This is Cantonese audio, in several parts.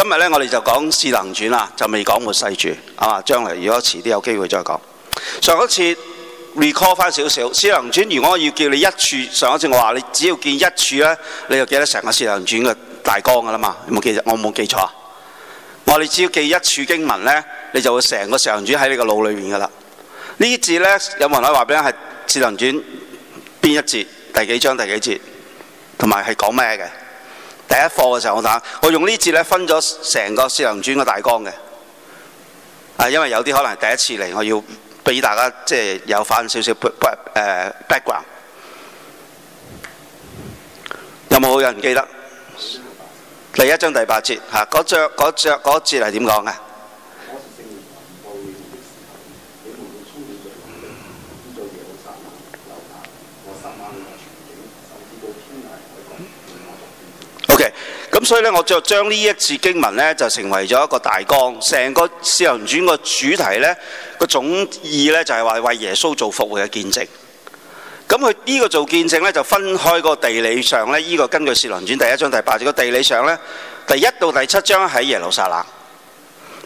今日咧，我哋就講《使徒行傳啦，就未講過《活世轉，啊嘛。將來如果遲啲有機會再講。上一次 recall 翻少少，點點《使徒行傳如果我要叫你一處，上一次我話你只要記一處咧，你就記得成個《使徒行傳嘅大綱噶啦嘛。有冇記？我冇記錯啊。我哋只要記一處經文咧，你就會成個《使徒行傳喺你個腦裏面噶啦。呢啲節咧，有冇人可以話俾你聽係《使徒行傳邊一節、第幾章、第幾節，同埋係講咩嘅？第一課嘅時候，我打我用呢節咧，分咗成個使徒傳嘅大綱嘅。因為有啲可能係第一次嚟，我要俾大家即係有返少少 background，有冇有人記得第一章第八節那嗰著嗰著嗰節係點講？咁、okay，所以咧，我就將呢一次經文咧就成為咗一個大綱。成個《使徒行傳》卷個主題咧個總意咧就係、是、話為耶穌做復活嘅見證。咁佢呢個做見證咧就分開個地理上咧。呢、這個根據《使徒行傳》第一章第八節嘅地理上咧，第一到第七章喺耶路撒冷，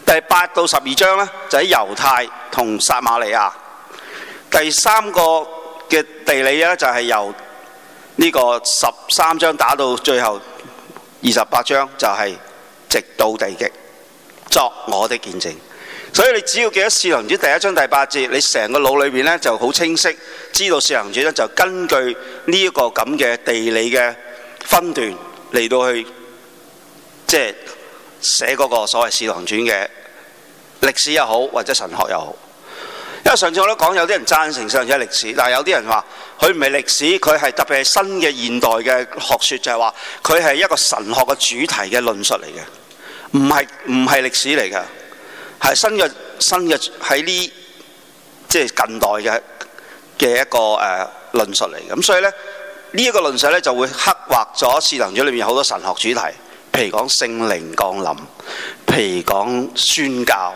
第八到十二章咧就喺猶太同撒瑪利亞。第三個嘅地理咧就係、是、由呢個十三章打到最後。二十八章就係直到地極作我的見證，所以你只要記得《使徒行傳》第一章第八節，你成個腦裏面咧就好清晰，知道《使徒行傳》咧就根據呢一個咁嘅地理嘅分段嚟到去，即係寫嗰個所謂使徒行傳嘅歷史又好或者神學又好。因為上次我都講有啲人贊成《聖經》嘅歷史，但係有啲人話佢唔係歷史，佢係特別係新嘅現代嘅學説，就係話佢係一個神學嘅主題嘅論述嚟嘅，唔係唔係歷史嚟嘅，係新嘅新嘅喺呢即係近代嘅嘅一個誒、呃、論述嚟嘅。咁所以咧呢一、這個論述咧就會刻畫咗《聖經》裏面好多神學主題，譬如講聖靈降臨，譬如講宣教。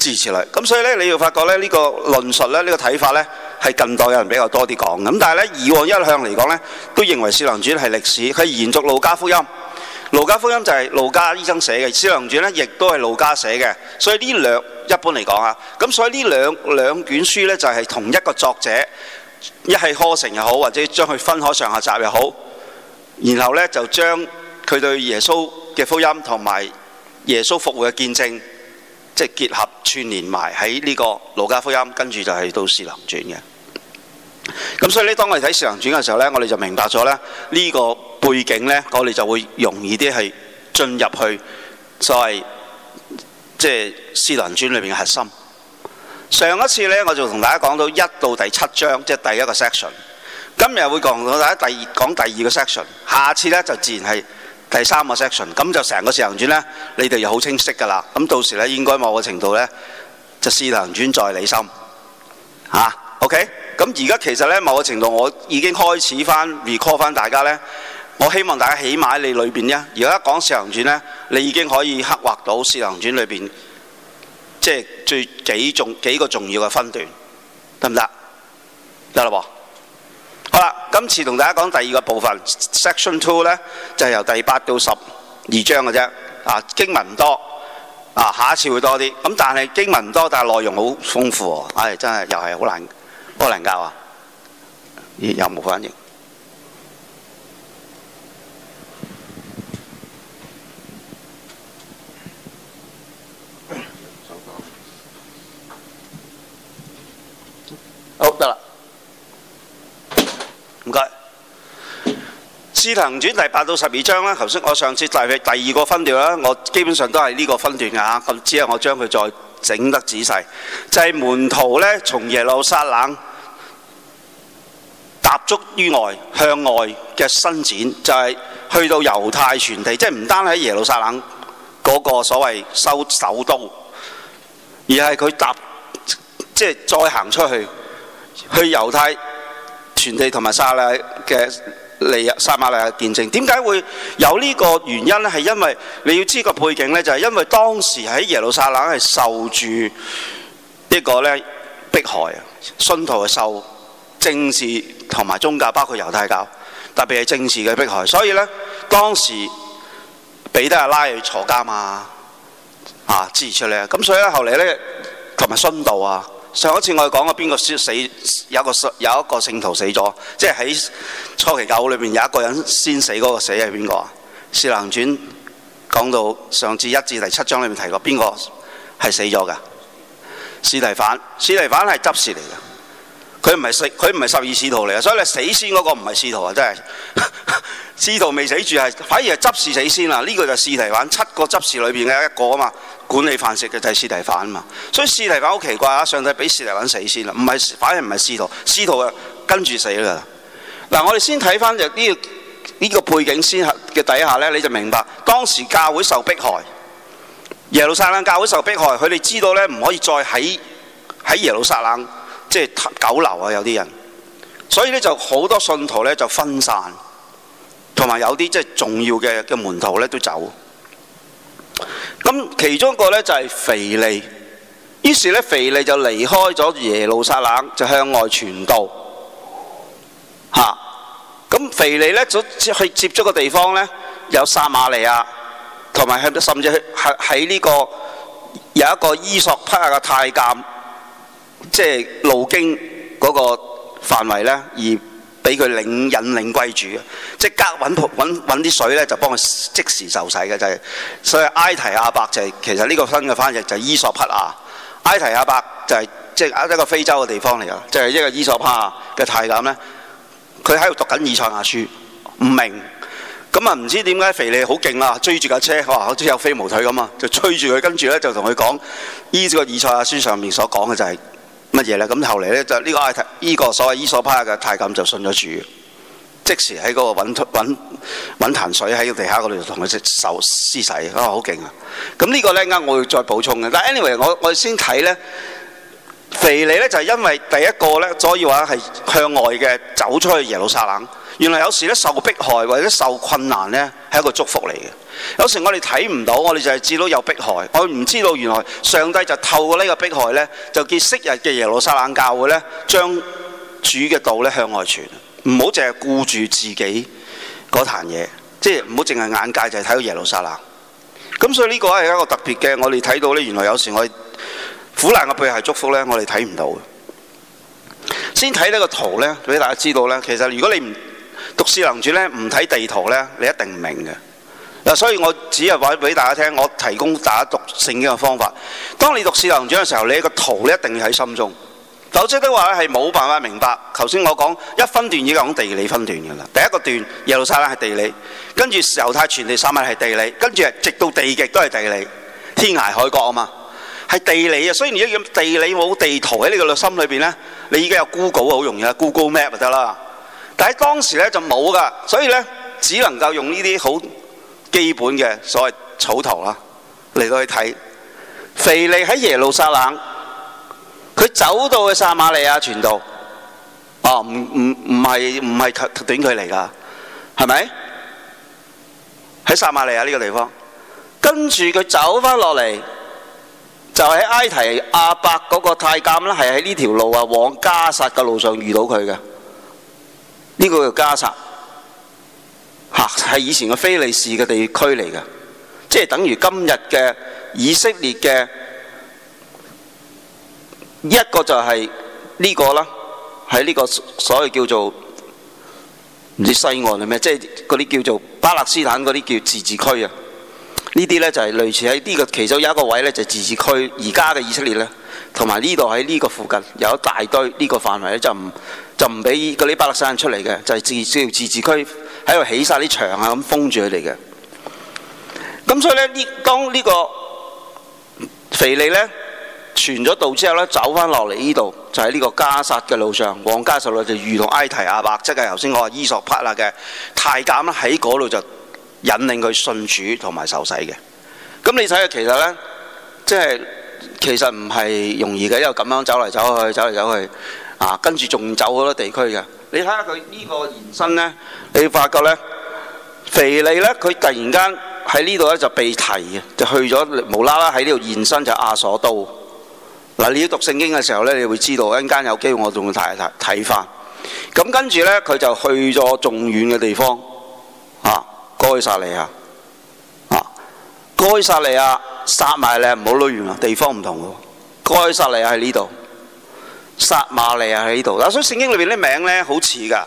支持啦，咁所以咧，你要發覺咧，這個、論呢、這個論述咧，呢個睇法咧，係近代有人比較多啲講嘅。咁但係咧，以往一向嚟講咧，都認為《使徒行傳》係歷史，佢延續《路加福音》。《路加福音》就係路加醫生寫嘅，《使徒行傳》咧亦都係路加寫嘅。所以呢兩一般嚟講啊，咁所以呢兩兩卷書咧就係、是、同一個作者，一係課程又好，或者將佢分開上下集又好，然後咧就將佢對耶穌嘅福音同埋耶穌復活嘅見證。即係結合串連埋喺呢個《路加福音》，跟住就係到《使徒行傳》嘅。咁所以咧，當我哋睇《使徒行傳》嘅時候呢，我哋就明白咗咧呢個背景呢，我哋就會容易啲去進入去所謂即係《使徒行傳》裏面嘅核心。上一次呢，我就同大家講到一到第七章，即係第一個 section。今日會講到大家講第二講第二個 section。下次呢，就自然係。第三個 section，咁就成個使徒行傳呢，你哋就好清晰㗎啦。咁到時呢，應該某個程度呢，就使徒行傳在你心，啊 OK？咁而家其實呢，某個程度我已經開始返 recall 返大家呢，我希望大家起碼你裏邊呢，而家講使徒行傳呢，你已經可以刻畫到使徒行傳裏面，即係最幾重幾個重要嘅分段，得唔得？得喇喎。好了，今次同大家講第二個部分，section two 咧就係由第八到十二章嘅啫。啊，經文唔多，啊，下一次會多啲。咁、啊、但係經文唔多，但係內容好豐富喎、哦。唉、哎，真係又係好難好難教啊！又沒有冇反應？唔該，使徒行傳第八到十二章啦。頭先我上次第第二個分段啦，我基本上都係呢個分段嘅嚇。咁之後我將佢再整得仔細，就係、是、門徒咧從耶路撒冷踏足於外，向外嘅伸展，就係、是、去到猶太全地，即係唔單係喺耶路撒冷嗰個所謂收首都，而係佢踏即係、就是、再行出去去猶太。傳地同埋撒拉嘅利，的利，撒馬利亞見證，點解會有呢個原因呢？係因為你要知個背景呢，就係、是、因為當時喺耶路撒冷係受住一個呢迫害啊，信徒受政治同埋宗教，包括猶太教，特別係政治嘅迫害。所以呢，當時彼得阿拉去坐監啊，啊，支持出嚟啊，咁所以咧，後嚟呢，同埋殉道啊。上一次我哋講過邊個死，有一個有一個信徒死咗，即係喺初期教會裏面有一個人先死，嗰個死係邊個啊？使徒行傳講到上次一至第七章裏面提過死的，邊個係死咗嘅？司提反，司提反係執事嚟嘅。佢唔係十佢唔係十二使徒嚟啊！所以你死先嗰個唔係使徒啊，真係 使徒未死住係，反而係執事死先啦！呢、這個就司提反七個執事裏邊嘅一個啊嘛，管理飯食嘅就係司提反啊嘛。所以司提反好奇怪啊！上帝俾司提反死先啦，唔係反而唔係使徒，使徒啊跟住死噶啦。嗱，我哋先睇翻就呢呢個背景先下嘅底下咧，你就明白當時教會受迫害，耶路撒冷教會受迫害，佢哋知道咧唔可以再喺喺耶路撒冷。即係九留啊！有啲人，所以咧就好多信徒咧就分散，同埋有啲即係重要嘅嘅門徒咧都走。咁其中一個咧就係腓利，於是咧腓利就離開咗耶路撒冷，就向外傳道。嚇！咁腓利咧就去接觸嘅地方咧，有撒瑪利亞，同埋甚至喺喺呢個有一個伊索匹亞嘅太監。即係路經嗰個範圍咧，而俾佢領引領歸主嘅，即係加揾揾啲水咧，就幫佢即時受洗嘅就係、是。所以埃提亞伯就係、是、其實呢個新嘅翻譯就係伊索匹亞。埃提亞伯就係即係一個非洲嘅地方嚟噶，就係、是、一個伊索帕嘅太監。呢。咧，佢喺度讀緊《以賽亞書》，唔明。咁啊唔知點解腓利好勁啦，追住架車，話好似有飛毛腿咁啊，就追住佢，跟住咧就同佢講呢個《以賽亞書》上面所講嘅就係、是。乜嘢咧？咁後嚟呢，就呢、這個、這個、所謂伊索派嘅太監就信咗主，即時喺嗰個揾出潭水喺地下嗰度同佢施洗，啊好勁呀！咁呢、啊、個呢，啱我要再補充嘅。但係 anyway 我我先睇呢腓利呢，就係、是、因為第一個呢，所以話係向外嘅走出去耶路撒冷。原來有時咧受迫害或者受困難呢，係一個祝福嚟嘅。有時我哋睇唔到，我哋就係知到有迫害。我唔知道原來上帝就透過呢個迫害呢，就結昔日嘅耶路撒冷教會呢，將主嘅道呢向外傳。唔好淨係顧住自己嗰壇嘢，即係唔好淨係眼界就係、是、睇到耶路撒冷。咁所以呢個係一個特別嘅，我哋睇到呢，原來有時我苦難嘅背後祝福呢，我哋睇唔到。先睇呢個圖呢，俾大家知道呢，其實如果你唔讀士能主咧唔睇地圖咧，你一定唔明嘅。嗱，所以我只係話俾大家聽，我提供大家讀聖經嘅方法。當你讀士能主嘅時候，你個圖你一定要喺心中。否則都話咧係冇辦法明白。頭先我講一分段已經講地理分段嘅啦。第一個段耶路撒冷係地理，跟住猶太全地撒瑪係地理，跟住直到地極都係地理，天涯海角啊嘛係地理啊。所以你如果有地理冇地圖喺你個心裏邊咧，你而家有 Google 好容易，Google Map 就得啦。但喺當時咧就冇噶，所以咧只能夠用呢啲好基本嘅所謂草圖啦嚟到去睇。腓力喺耶路撒冷，佢走到去撒瑪利亞傳道，啊唔唔唔係唔係短距離㗎，係咪？喺撒瑪利亞呢個地方，跟住佢走翻落嚟，就喺埃提阿伯嗰個太監啦，係喺呢條路啊往加薩嘅路上遇到佢嘅。呢、這個叫加沙，係、啊、以前嘅非利士嘅地區嚟嘅，即係等於今日嘅以色列嘅一個就係呢個啦，喺呢個所謂叫做唔知西岸係咩，即係嗰啲叫做巴勒斯坦嗰啲叫自治區啊。呢啲呢就係類似喺呢個，其中有一個位呢就係自治區，而家嘅以色列呢，同埋呢度喺呢個附近有一大堆呢個範圍呢就唔、是。就唔俾嗰啲巴勒斯坦出嚟嘅，就係、是、自治自，自治區喺度起晒啲牆啊，咁封住佢哋嘅。咁所以咧，呢當呢個腓利咧傳咗道之後咧，走翻落嚟呢度，就喺呢個加沙嘅路上，往加沙路上就遇到埃提亞伯，即係頭先我話伊索帕勒嘅太監啦，喺嗰度就引領佢信主同埋受洗嘅。咁你睇下，其實咧，即、就、係、是、其實唔係容易嘅，因為咁樣走嚟走去，走嚟走去。啊，跟住仲走好多地區嘅。你睇下佢呢個延伸呢，你發覺呢腓利呢，佢突然間喺呢度呢就被提嘅，就去咗無啦啦喺呢度延伸就亞鎖都嗱、啊，你要讀聖經嘅時候呢，你會知道一陣間有機會我仲會睇一睇睇翻。咁、啊、跟住呢，佢就去咗仲遠嘅地方。啊，該撒利亞。啊，該撒利亞殺埋你唔好攞完啦，地方唔同喎。該撒利亞喺呢度。撒瑪利亞喺呢度嗱，所以聖經裏邊啲名咧好似噶，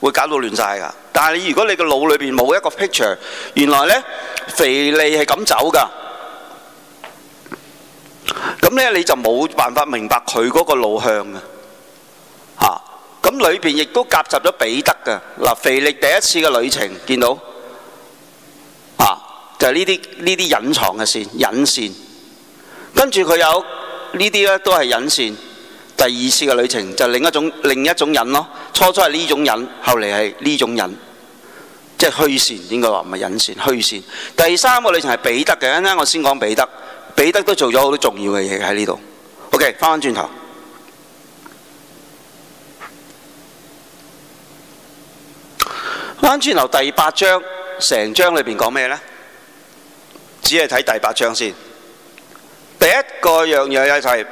會搞到亂晒噶。但係你如果你個腦裏邊冇一個 picture，原來咧腓力係咁走噶，咁咧你就冇辦法明白佢嗰個路向啊。咁裏邊亦都夾雜咗彼得噶嗱、啊，腓力第一次嘅旅程見到啊，就係呢啲呢啲隱藏嘅線隱線，跟住佢有這些呢啲咧都係隱線。第二次嘅旅程就係，另一種另一種忍咯，初初係呢種忍，後嚟係呢種忍，即係虛線，應該話唔係隱線，虛線。第三個旅程係彼得嘅，啱啱我先講彼得，彼得都做咗好多重要嘅嘢喺呢度。OK，翻翻轉頭，翻轉頭第八章，成章裏邊講咩呢？只係睇第八章先。第一個樣嘢係，就係。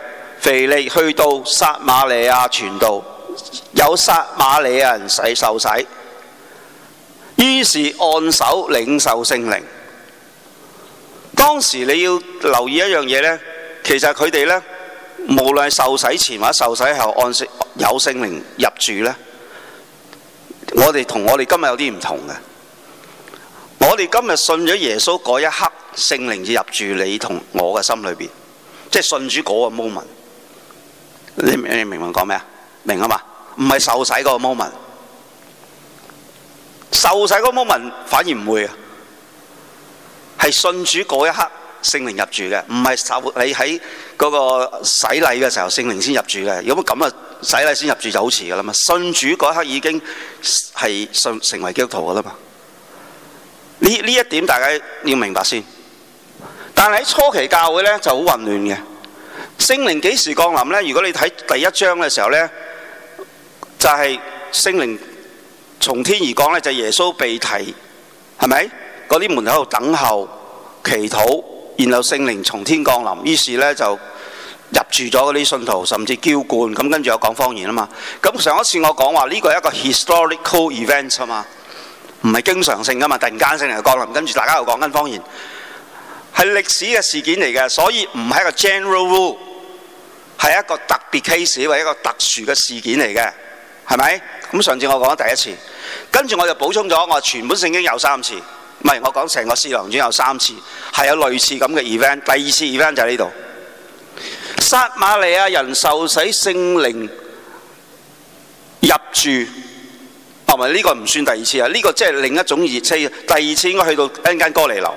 腓力去到撒瑪利亞傳道，有撒瑪利亞人使受洗，於是按手領受聖靈。當時你要留意一樣嘢咧，其實佢哋咧，無論受洗前或者受洗後，按有聖靈入住咧，我哋同我哋今日有啲唔同嘅。我哋今日信咗耶穌嗰一刻，聖靈就入住你同我嘅心裏邊，即係信主嗰個 moment。你你明唔明我講咩啊？明啊嘛？唔係受洗嗰個 moment，受洗嗰 moment 反而唔會嘅，係信主嗰一刻聖靈入住嘅，唔係受你喺嗰個洗禮嘅時候聖靈先入住嘅。如果咁啊，洗禮先入住就好遲噶啦嘛。信主嗰一刻已經係信成為基督徒噶啦嘛。呢呢一點大家要明白先。但係喺初期教會咧就好混亂嘅。聖靈幾時降臨呢？如果你睇第一章嘅時候呢，就係聖靈從天而降咧，就耶穌被提，係咪？嗰啲門喺度等候祈禱，然後聖靈從天降臨，於是呢，就入住咗嗰啲信徒，甚至澆灌，咁跟住又講方言啊嘛。咁上一次我講話呢個係一個 historical event 啊嘛，唔係經常性噶嘛，突然間聖靈降臨，跟住大家又講緊方言。係歷史嘅事件嚟嘅，所以唔係一個 general rule，係一個特別 case 或者一個特殊嘅事件嚟嘅，係咪？咁上次我講咗第一次，跟住我就補充咗，我全本聖經有三次，唔係我講成個《使徒行傳》有三次，係有類似咁嘅 event。第二次 event 就喺呢度，撒馬利亞人受死聖靈入住，啊唔係呢個唔算第二次啊，呢、這個即係另一種 event 第二次應該去到一間哥尼流。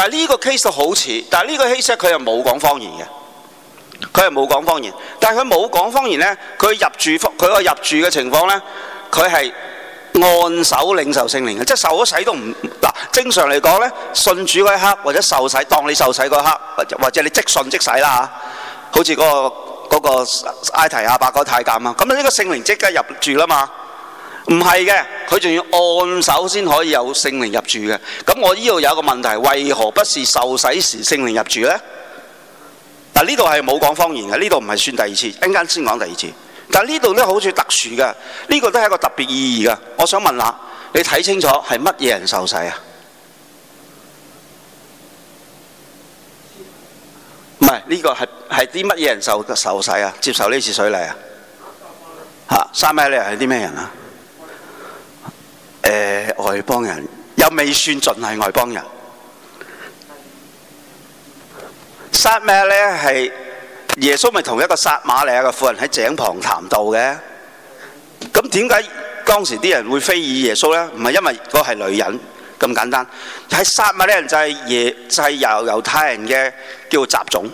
但係呢個 case 都好似，但係呢個 case 佢又冇講方言嘅，佢係冇講方言。但係佢冇講方言咧，佢入住佢個入住嘅情況咧，佢係按手領受聖靈嘅，即係受咗洗都唔嗱。正常嚟講咧，信主嗰一刻或者受洗當你受洗嗰刻，或者你即信即洗啦嚇，好似嗰個嗰個埃提阿伯個太監啊，咁呢個聖靈即刻入住啦嘛。唔係嘅，佢仲要按手先可以有聖靈入住嘅。咁我呢度有一個問題，為何不是受洗時聖靈入住咧？嗱，呢度係冇講方言嘅，呢度唔係算第二次，一陣間先講第二次。但呢度咧好似特殊嘅，呢、呢個都係一個特別意義嘅。我想問下，你睇清楚係乜嘢人受洗啊？唔係呢個係啲乜嘢人受受洗啊？接受呢次水禮啊，啊？撒瑪利亞人係啲咩人啊？誒、呃，外邦人又未算盡係外邦人。撒咩咧？係耶穌咪同一個撒瑪利亞嘅婦人喺井旁談道嘅？咁點解當時啲人會非議耶穌咧？唔係因為嗰係女人咁簡單，喺撒瑪利人就係、是、耶就係、是、猶太人嘅叫雜種，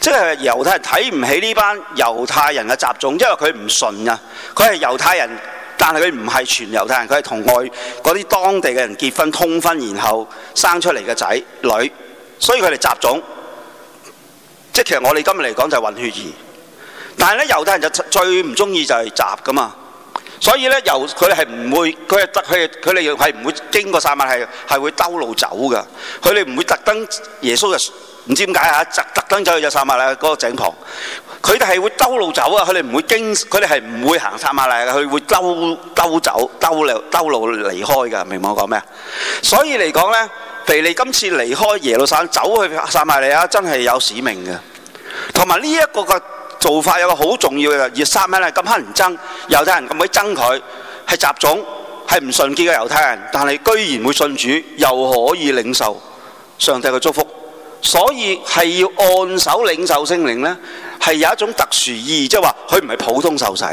即係猶太人睇唔起呢班猶太人嘅雜種，因為佢唔信啊，佢係猶太人。但係佢唔係全猶太人，佢係同外嗰啲當地嘅人結婚、通婚，然後生出嚟嘅仔女，所以佢哋雜種。即係其實我哋今日嚟講就係混血兒，但係咧猶太人就最唔中意就係雜噶嘛。所以咧猶佢係唔會佢佢哋佢哋係唔會經過撒瑪利亞係會兜路走噶，佢哋唔會特登耶穌嘅唔知點解啊？特特登走去就撒馬利亞嗰個井旁，佢哋係會兜路走啊！佢哋唔會經，佢哋係唔會行撒馬利亞噶，佢會兜兜走、兜路、兜路離開噶。明唔明我講咩啊？所以嚟講咧，腓利今次離開耶路撒走去撒馬利亞，真係有使命嘅。同埋呢一個嘅做法有個好重要嘅，而撒馬利亞咁乞人憎，猶太人咁鬼憎佢，係雜種，係唔純潔嘅猶太人，但係居然會信主，又可以領受上帝嘅祝福。所以係要按手領受聖靈呢，係有一種特殊意義，即係話佢唔係普通受洗，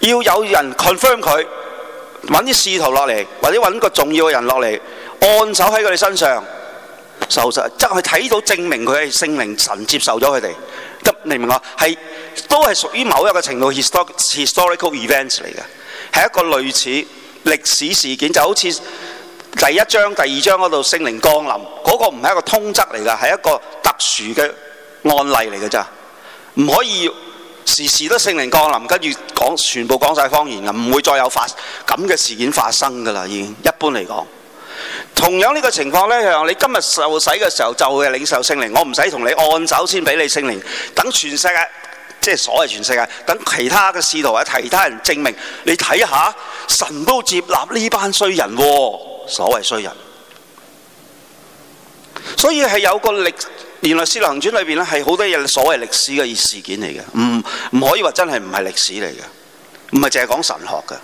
要有人 confirm 佢，揾啲使徒落嚟，或者揾個重要嘅人落嚟，按手喺佢哋身上受洗，即係睇到證明佢係聖靈神接受咗佢哋。你明唔明啊？係都係屬於某一個程度 historical events 嚟嘅，係一個類似歷史事件，就好似，第一章、第二章嗰度聖靈降臨嗰個唔係一個通則嚟㗎，係一個特殊嘅案例嚟㗎咋，唔可以時時都聖靈降臨，跟住全部講晒方言，唔會再有發咁嘅事件發生㗎啦。已經一般嚟講，同樣呢個情況咧，你今日受洗嘅時候就會係領受聖靈，我唔使同你按手先俾你聖靈，等全世界即係所謂全世界，等其他嘅使徒或者其他人證明，你睇下神都接納呢班衰人喎、哦。所謂衰人，所以係有個歷，原來《使徒行傳》裏面是係好多嘢，所謂歷史嘅事件嚟嘅。唔可以話真係唔係歷史嚟嘅，唔係淨係講神學嘅。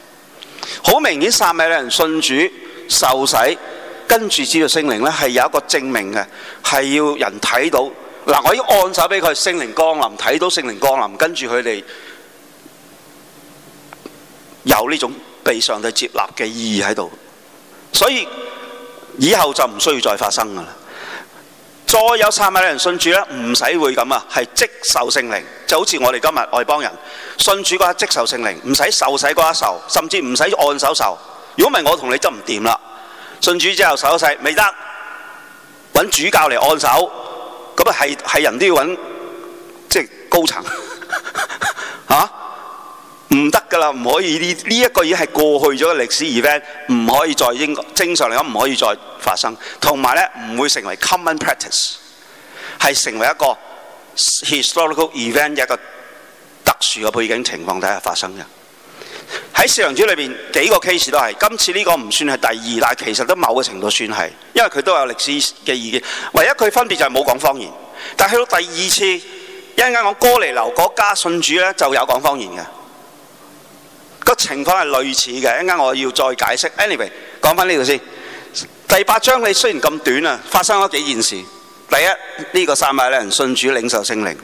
好明顯，撒瑪利亞人信主受洗，跟住知道聖靈咧係有一個證明嘅，係要人睇到。嗱，我要按手俾佢，聖靈降臨，睇到聖靈降臨，跟住佢哋有呢種被上帝接納嘅意義喺度。所以以後就唔需要再發生㗎喇，再有三百人信主呢，不唔使會咁是係即受聖靈，就好似我哋今日外邦人信主嗰刻即受聖靈，唔使受，唔使嗰刻受，甚至唔使按手受。如果唔係我同你就唔掂喇，信主之後受一世未得，搵主教嚟按手，咁啊係人都要揾即係高層、 啊唔得噶啦，唔可以呢，呢一個已經係過去咗嘅歷史 event，唔可以再應正，正常嚟講，唔可以再發生。同埋呢唔會成為 common practice，係成為一個 historical event 嘅一個特殊嘅背景情況底下發生嘅。喺四場主裏面，幾個 case 都係，今次呢個唔算係第二，但係其實都某個程度算係，因為佢都有歷史嘅意見。唯一佢分別就係冇講方言，但係去到第二次，一陣間我哥尼流嗰家信主呢，就有講方言嘅。個情況係類似嘅，一陣我要再解釋。Anyway，講翻呢度先。第八章你雖然咁短啊，發生咗幾件事。第一，呢、這個撒瑪利亞人信主領受聖靈。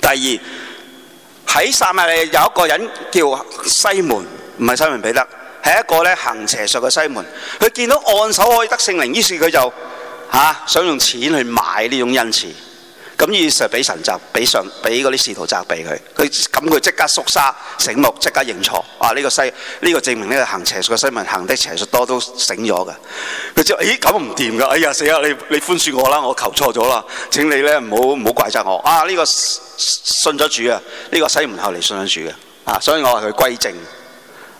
第二，喺撒瑪利亞，有一個人叫西門，唔係西門彼得，係一個咧行邪術嘅西門。佢見到按手可以得聖靈，於是佢就嚇、啊、想用錢去買呢種恩賜。咁以實俾神責，俾上俾嗰啲使徒責備佢。佢咁佢即刻縮沙醒目，即刻認錯。啊！呢個西門呢個證明呢個行邪術嘅西門，行的邪術多都醒咗嘅。佢就咦咁唔掂㗎？哎呀死啦！你你寬恕我啦，我求錯咗啦。請你咧唔好唔好怪責我。啊！呢個信咗主啊，呢個西門後嚟信咗主嘅。啊，所以我話佢歸正。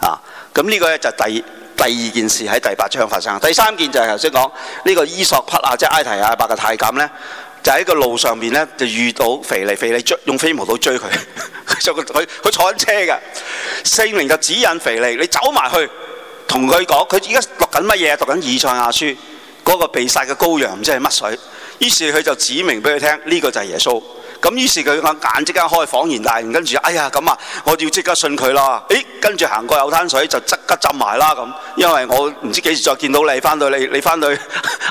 啊，咁呢個咧就第第二件事喺第八章發生。第三件就係頭先講呢個伊索匹亞，即係埃提亞伯嘅太監咧。就喺個路上呢，就遇到肥利，肥利用飛毛刀追佢，就 佢坐喺車嘅，聖靈就指引肥利，你走埋去同佢講，佢依家讀緊乜嘢？讀緊以賽亞書嗰、那個被殺嘅羔羊，唔知係乜水。於是佢就指明畀佢聽，呢、這個就係耶穌。咁於是佢眼即刻開，恍然大悟，但係跟住，哎呀咁呀，我要即刻信佢啦，跟住行過有灘水就即刻浸埋啦，咁，因為我唔知幾時再見到你，翻到你你翻到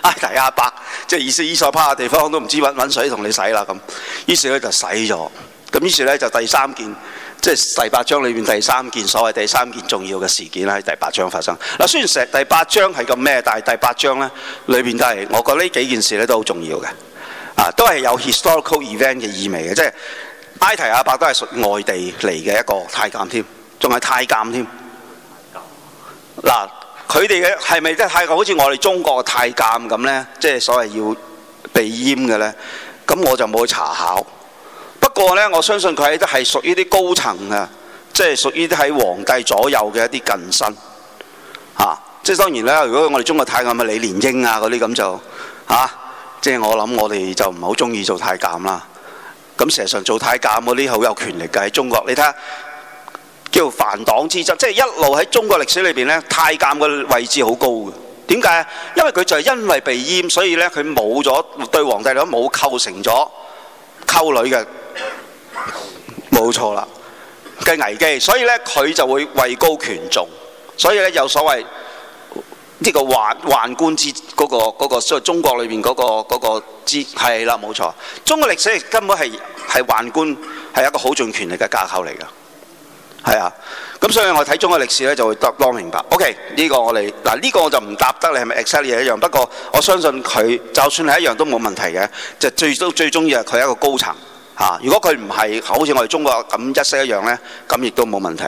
埃及阿伯，即係以色列巴嘅地方都唔知道搵，搵水同你洗啦咁。於是咧就洗咗，咁於是，就，於是就第三件，即係第八章裏面第三件所謂第三件重要嘅事件啦，喺第八章發生。雖然第八章係個咩，但係第八章裏邊都係，我覺得呢幾件事呢都好重要嘅。啊，都係有 historical event 嘅意味嘅，即係埃提阿伯都係屬外地嚟嘅一個太監添，仲係太監添。嗱、啊，佢哋嘅係咪真係太監好似我哋中國太監咁咧？即係所謂要被閹嘅咧？咁我就冇去查考。不過咧，我相信佢喺都係屬於啲高層啊，即係屬於喺皇帝左右嘅一啲近身。啊，即係當然咧，如果我哋中國太監咪李蓮英啊嗰啲咁就啊。即係我諗，我哋就唔好中意做太監啦。咁成日做太監嗰啲好有權力嘅喺中國，你睇下叫凡黨之爭，即係一路喺中國歷史裏邊咧，太監個位置好高嘅。點解啊？因為佢就係因為被閹，所以咧佢冇咗對皇帝女，冇構成咗溝女嘅冇錯啦嘅危機，所以咧佢就會位高權重，所以咧有所謂。呢、這個宦宦官之嗰、那個、那個、所以中國裏邊嗰個之係啦，冇錯。中國歷史根本係係宦官係一個好盡權力嘅架構嚟㗎，係啊。咁所以我睇中國歷史咧就會多多明白。OK，呢個我哋嗱呢個我就唔答得你係咪 exactly 一樣，不過我相信佢就算係一樣都冇問題嘅。就最都最中意係佢係一個高層嚇、啊。如果佢唔係好似我哋中國咁一世一樣咧，咁亦都冇問題。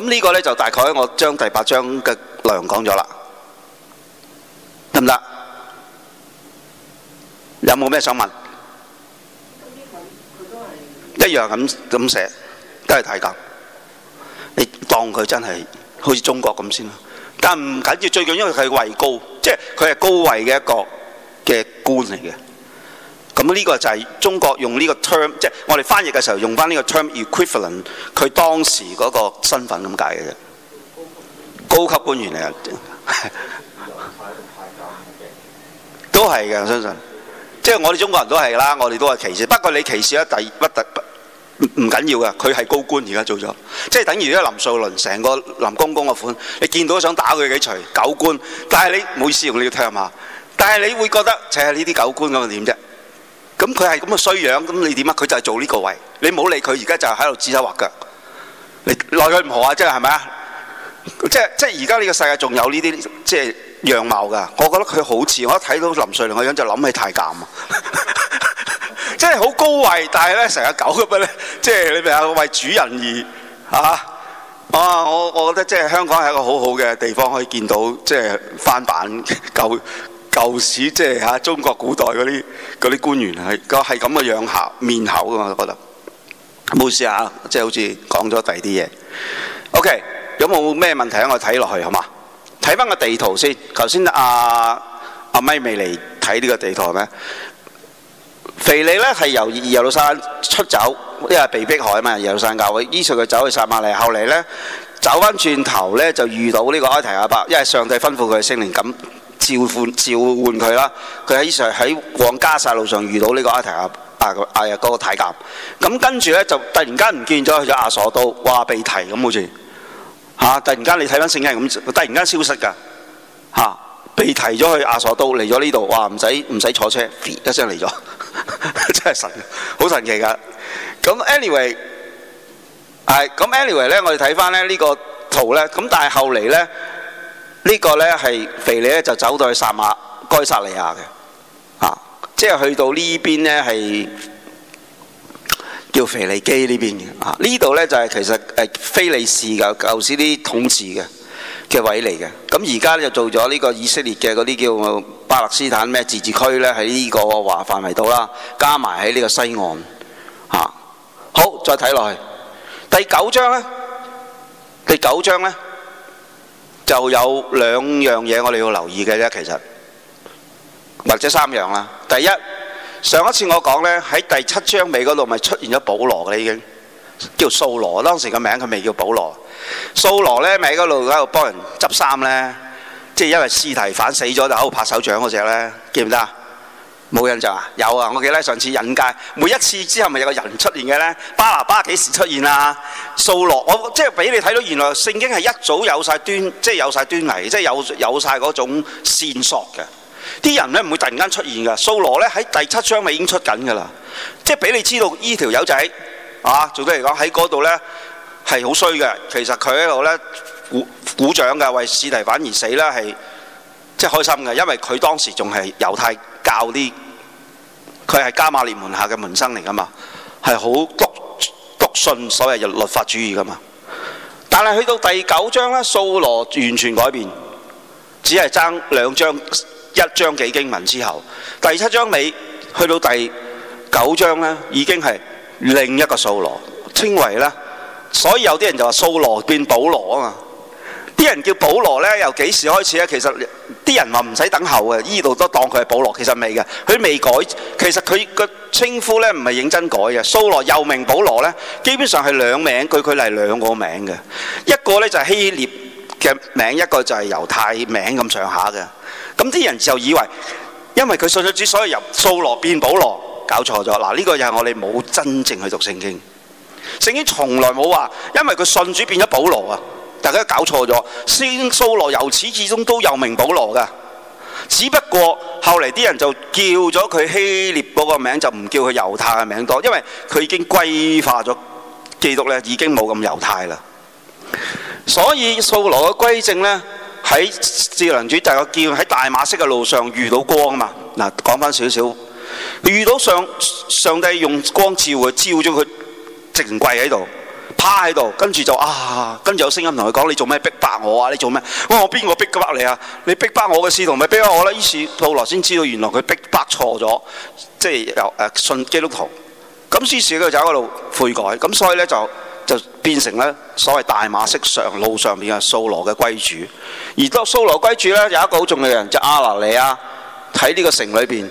咁呢個呢就大概我將第八章嘅內容講咗啦，得唔得？有冇咩想問？一樣咁咁寫，都係太監。你當佢真係好似中國咁先啦，但唔緊要，最緊要因為佢位高，即係佢係高位嘅一個嘅官嚟嘅。咁、這、呢個就係中國用呢個 term，即係我哋翻譯嘅時候用翻呢個 term equivalent，佢當時嗰個身份咁解嘅啫。高級官員嚟嘅， 都係嘅，我相信。即、就、係、是、我哋中國人都係啦，我哋都係歧視。不過你歧視一，第不特不唔唔緊要嘅。佢係高官而家做咗，即、就、係、是、等於一林素倫成個林公公嘅款，你見到都想打佢幾捶狗官。但係你冇意思用，你要聽下，但係你會覺得，就係呢啲狗官咁嘅點啫。咁佢係咁嘅衰樣，咁你點啊？佢就係做呢個位，你唔好理佢而家就喺度指手畫腳。你奈佢唔何啊？即係係咪啊？即係即係而家呢個世界仲有呢啲即係樣貌㗎。我覺得佢好似我一睇到林瑞麟個樣就諗起太監，即係好高貴，但係咧成日狗咁樣咧，即係你咪為主人而嚇啊，啊，我我覺得即係香港係一個好好嘅地方，可以見到即係翻版夠。 舊時即係嚇，中國古代嗰啲啲官員係個係咁嘅樣口面口噶嘛，我覺得冇事啊，即係好似講咗第二啲嘢。OK，有冇咩問題啊？我睇落去好嘛？睇翻個地圖先。頭先阿阿咪未嚟睇呢個地圖咩？腓利呢，係由由魯山出走，因為被逼害嘛，由魯山教會依隨佢走去撒瑪利亞。後嚟呢，走翻轉頭呢，就遇到呢個埃提阿伯，因為上帝吩咐佢聖靈咁。召呼召喚佢啦，佢喺上喺往迦薩路上遇到呢個阿提亞阿阿日嗰個太監，咁跟住咧就突然間唔見咗去亞鎖都，哇被提咁好似嚇、啊，突然間你睇翻聖經咁，突然間消失㗎嚇，啊、被提咗去亞鎖都嚟咗呢度，哇唔使唔使坐車，一聲嚟咗，真係神嘅，好神奇㗎。咁 anyway 係，咁 anyway 咧我哋睇翻咧呢個圖咧，咁但係後嚟咧。呢、這個呢係腓力咧就走到去撒馬該撒利亞嘅，啊，即係去到呢邊呢係叫腓利基呢邊嘅，啊，呢度呢就係、是、其實係非利士嘅舊時啲統治嘅嘅位嚟嘅，咁而家就做咗呢個以色列嘅嗰啲叫巴勒斯坦咩自治區咧喺呢個華範圍度啦，加埋喺呢個西岸，啊，好再睇落去第九章咧，第九章咧。就有兩樣嘢我哋要留意嘅啫，其實或者三樣啦。第一，上一次我講呢，喺第七章尾嗰度咪出現咗保羅嘅咧，已經叫掃羅，當時個名佢未叫保羅。掃羅呢咪喺嗰度喺度幫人執衫呢，即係因為屍體反死咗就喺度拍手掌嗰隻呢，記唔得？冇印象啊？有啊！我記得上次引介每一次之後，咪有個人出現嘅咧。巴拿巴幾時出現啊？掃羅，我即係俾你睇到，原來聖經係一早有晒端，即係有晒端倪，即係有有晒嗰種線索嘅。啲人咧唔會突然間出現嘅。掃羅咧喺第七章咪已經出緊㗎喇，即係俾你知道呢條友仔啊，總之嚟講喺嗰度咧係好衰嘅。其實佢喺度咧鼓鼓掌嘅，為司提反而死啦，係。即係開心嘅，因為佢當時仲係猶太教啲，佢係加馬列門下嘅門生嚟噶嘛，係好篤信所謂嘅律法主義噶嘛。但係去到第九章呢，掃羅完全改變，只係爭兩章一章幾經文之後，第七章尾去到第九章呢，已經係另一個掃羅，稱為呢。所以有啲人就話掃羅變保羅啊嘛。啲人叫保羅呢，由幾時開始呢？其實啲人話唔使等候嘅，依度都當佢係保羅，其實未嘅，佢未改。其實佢個稱呼呢，唔係認真改嘅。掃羅又名保羅呢，基本上係兩名，佢佢嚟係兩個名嘅。一個呢，就係希臘嘅名，一個就係猶太名咁上下嘅。咁啲人就以為，因為佢信咗主，所以由掃羅變保羅，搞錯咗。嗱，呢個又係我哋冇真正去讀聖經。聖經從來冇話，因為佢信主變咗保羅啊。大家搞錯咗，先蘇羅由始至終都有名保羅的，只不過後來啲人就叫咗佢希臘嗰個名字，就唔叫佢猶太嘅名字多，因為佢已經歸化咗基督咧，已經冇咁猶太喇。所以蘇羅嘅歸正呢，喺智由主就是叫喺大馬色嘅路上遇到光嘛。嗱，講返少少，遇到上，上帝用光照佢照咗佢，直跪喺度。趴喺度，跟住就啊，跟住有聲音同佢講：你做咩逼迫我啊？你做咩、哦？我邊個逼迫你啊？你逼迫我嘅使徒，同咪逼迫我啦！於是掃羅先知道原來佢逼迫錯咗，即係由、啊、信基督徒。咁於是佢就喺度悔改。咁所以咧就就變成咧所謂大馬色上路上面嘅掃羅嘅歸主。而多掃羅歸主咧有一個好重要嘅人就是、亞拿尼亞喺呢個城裏面。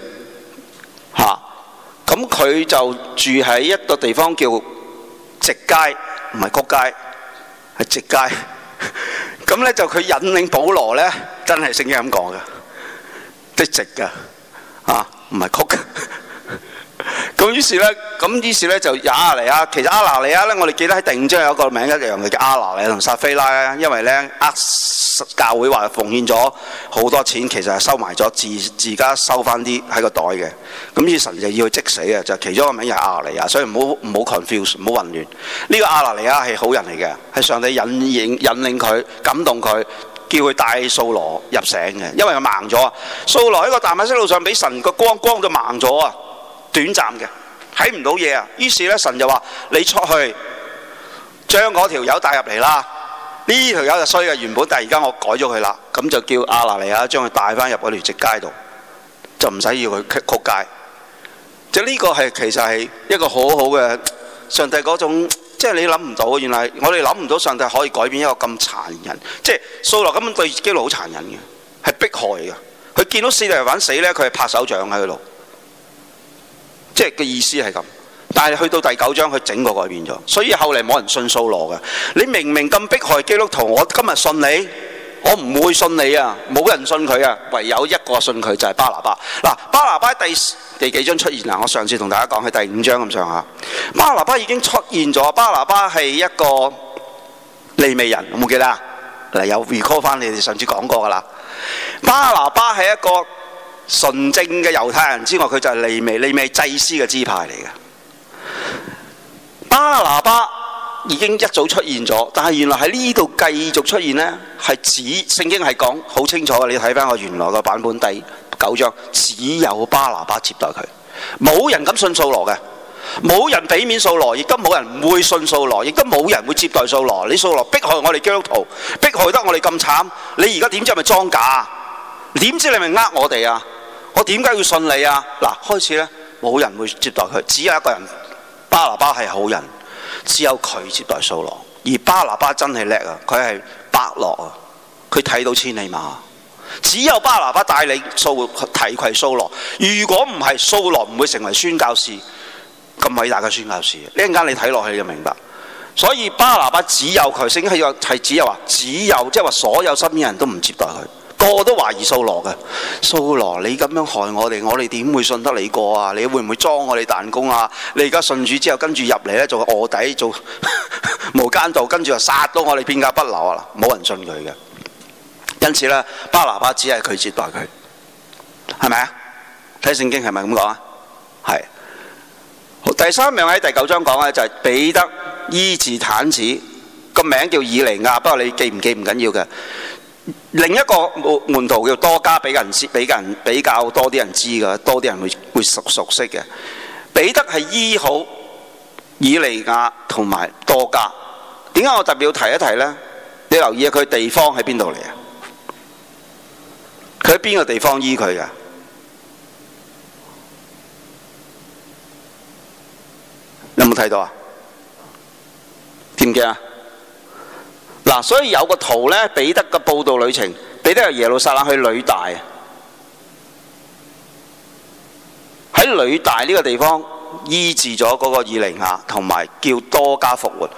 嚇、啊。咁佢就住喺一個地方叫直街。唔係曲街，係直街。 咁咧就佢引領保羅呢，真係聲音咁講噶，都直的啊，唔係曲的。 咁於是呢，咁於是呢就有阿拿利亞。其實阿拿利亞呢，我哋記得喺第五章有個名字有一樣嘅，叫阿拿利亞同撒菲拉咧。因為呢，呃，教會話奉獻咗好多錢，其實係收埋咗，自自家收翻啲喺個袋嘅。咁於是神就要佢即死嘅，就係、其中一個名係阿拿利亞。所以唔好唔好 confuse，唔好混亂。呢、呢個阿拿利亞係好人嚟嘅，係上帝引引引領佢、感動佢、叫佢帶掃羅入城嘅，因為佢盲咗啊。掃羅喺個大馬色路上俾神個光光就盲咗啊。短暫嘅睇唔到嘢啊！於是咧神就話：你出去將嗰條友帶入嚟啦。呢條友就衰嘅原本，但係而家我改咗佢啦。咁就叫亞拿尼亞將佢帶翻入嗰條直街度，就唔使要佢曲街。即係呢個係其實係一個好好嘅上帝嗰種，即係你諗唔到，原來我哋諗唔到上帝可以改變一個咁殘忍，即係掃羅根本對基督好殘忍嘅，係迫害嘅。佢見到司提反死咧，佢係拍手掌喺度。即係個意思係咁，但係去到第九章佢整個改變咗，所以後嚟，冇人信掃羅嘅。你明明咁迫害基督徒，我今日信你？我唔會信你啊！冇人信佢啊，唯有一個信佢就係、是、巴拿巴。嗱，巴拿巴第四第幾章出現啊？我上次同大家講係第五章咁上下。巴拿巴已經出現咗，巴拿巴係一個利未人，有冇記得啊？嗱，有 recall 翻，你哋上次講過噶啦，巴拿巴係一個。純正嘅猶太人之外，佢就係利未，利未祭司嘅支派嚟嘅。巴拿巴已經一早出現咗，但係原來喺呢度繼續出現呢，係指聖經係講好清楚嘅。你睇翻我原來個版本第九章，只有巴拿巴接待佢，冇人敢信掃羅嘅，冇人俾面掃羅，亦都冇人唔會信掃羅，亦都冇人會接待掃羅。你掃羅逼害我哋基督徒，逼害得我哋咁慘，你而家點知係咪裝假啊？點知你係咪呃我哋啊？我點解要信你啊？嗱，開始呢，冇人會接待佢，只有一個人巴拿巴係好人，只有佢接待掃羅。而巴拿巴真係叻啊！佢係伯樂啊！佢睇到千里馬，只有巴拿巴帶你掃提攜掃羅。如果唔係掃羅，唔會成為宣教士咁偉大嘅宣教士。一陣間你睇落去你就明白。所以巴拿巴只有佢，先係有只有啊，只有即係話所有身邊人都唔接待佢。個個都懷疑掃羅嘅，掃羅你咁樣害我哋，我哋點會信得你過啊？你會唔會裝我哋彈弓啊？你而家信主之後跟住入嚟咧做臥底做呵呵無間道，跟住就殺到我哋片甲不留啊！冇人信佢嘅，因此咧，巴拿巴只係接待佢，係咪啊？睇聖經係咪咁講啊？係，好，第三樣喺第九章講咧就係、是、彼得醫治癱子，個名叫以尼雅，不過你記唔記唔緊要嘅。另一個門徒叫多加俾人知，俾人比較多啲人知噶，多啲人會熟熟悉嘅。彼得係醫好以利亞同埋多加，點解我特別要提一提呢？你留意啊，佢地方喺邊度嚟啊？佢喺邊個地方醫佢噶？有冇睇到啊？啊？嗱、啊，所以有個圖咧，彼得嘅報道旅程，彼得由耶路撒冷去呂大，喺呂大呢個地方醫治咗嗰個以靈亞，同埋叫多加復活。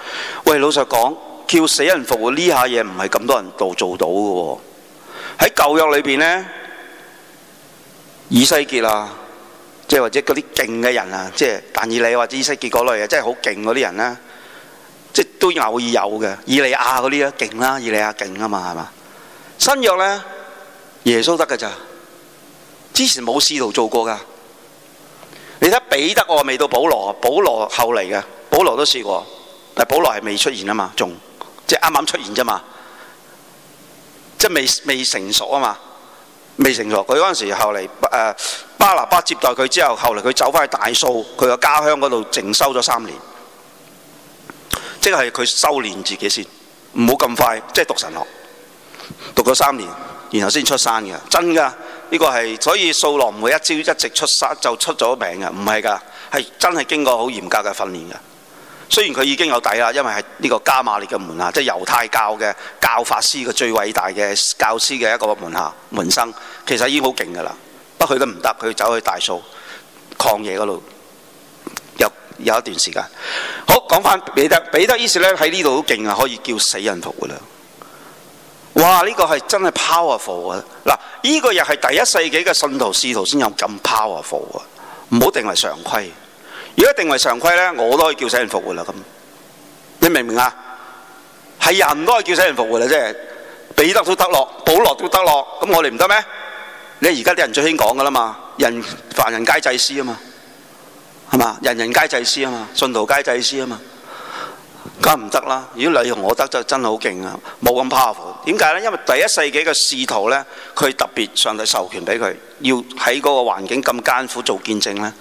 喂，老實講，叫死人復活呢下嘢唔係咁多人度做到嘅喎、哦。喺舊約裏邊咧，以西結啊，即係或者嗰啲勁嘅人啊，即係但以理或者以西結嗰類嘢，真係好勁嗰啲人啦、啊。即係都偶爾有嘅，以利亞嗰啲啊，勁啦，以利亞勁啊嘛，係嘛？新約咧，耶穌得噶咋？之前冇試圖做過噶。你睇彼得我未到保羅，保羅後嚟嘅，保羅都試過，但係保羅係未出現啊嘛，仲即係啱啱出現啫嘛，即係未未成熟啊嘛，未成熟。佢嗰陣時後嚟誒、呃、巴拿巴接待佢之後，後嚟佢走翻去大數佢嘅家鄉嗰度靜修咗三年。即係佢修練自己先，唔好咁快，即係讀神學，讀咗三年，然後先出山嘅，真噶，呢、這個係所以掃羅唔會一朝一夕出山就出咗名嘅，唔係噶，係真係經過好嚴格嘅訓練嘅。雖然佢已經有底啦，因為係呢個加馬列嘅門下，即係猶太教嘅教法師嘅最偉大嘅教師嘅一個門下門生，其實已經好勁噶啦，不佢都唔得，佢走去大掃曠野嗰度。有一段時間，好講翻彼得。彼得於是咧喺呢度好勁啊，可以叫死人復活啦！哇，呢個係真係 powerful 啊！嗱，呢個又係第一世紀嘅信徒使徒先有咁 powerful 啊！唔好定為常規，如果定為常規咧，我都可以叫死人復活啦！咁，你明唔明啊？係人都可以叫死人復活啦！即係彼得都得落，保羅都得落，咁我哋唔得咩？你而家啲人最興講噶啦嘛，人凡人皆祭司啊嘛。係嘛？人人皆祭師啊嘛，信徒皆祭司啊嘛，梗係唔得啦。如果你同我得就真係好勁啊，冇咁 powerful。點解呢？因為第一世紀嘅使徒呢，佢特別上帝授權俾佢，要喺嗰個環境咁艱苦做見證呢。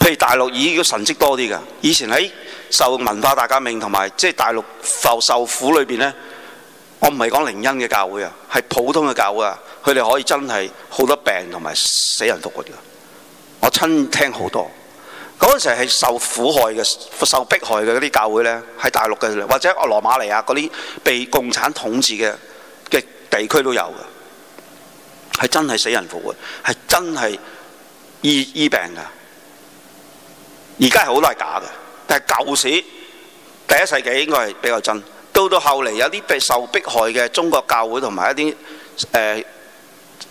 譬如大陸已經神跡多啲㗎，以前喺受文化大革命同埋即係大陸受受苦裏邊呢，我唔係講靈恩嘅教會啊，係普通嘅教會啊，佢哋可以真係好多病同埋死人復活嘅。我親聽好多。嗰陣時係受苦害嘅、受迫害嘅嗰啲教會咧，喺大陸嘅，或者羅馬尼亞嗰啲被共產統治嘅嘅地區都有嘅，係真係死人復活的，係真係醫醫病嘅。而家係好多係假嘅，但係舊時第一世紀應該係比較真。到到後嚟有啲被受迫害嘅中國教會同埋一啲誒、呃、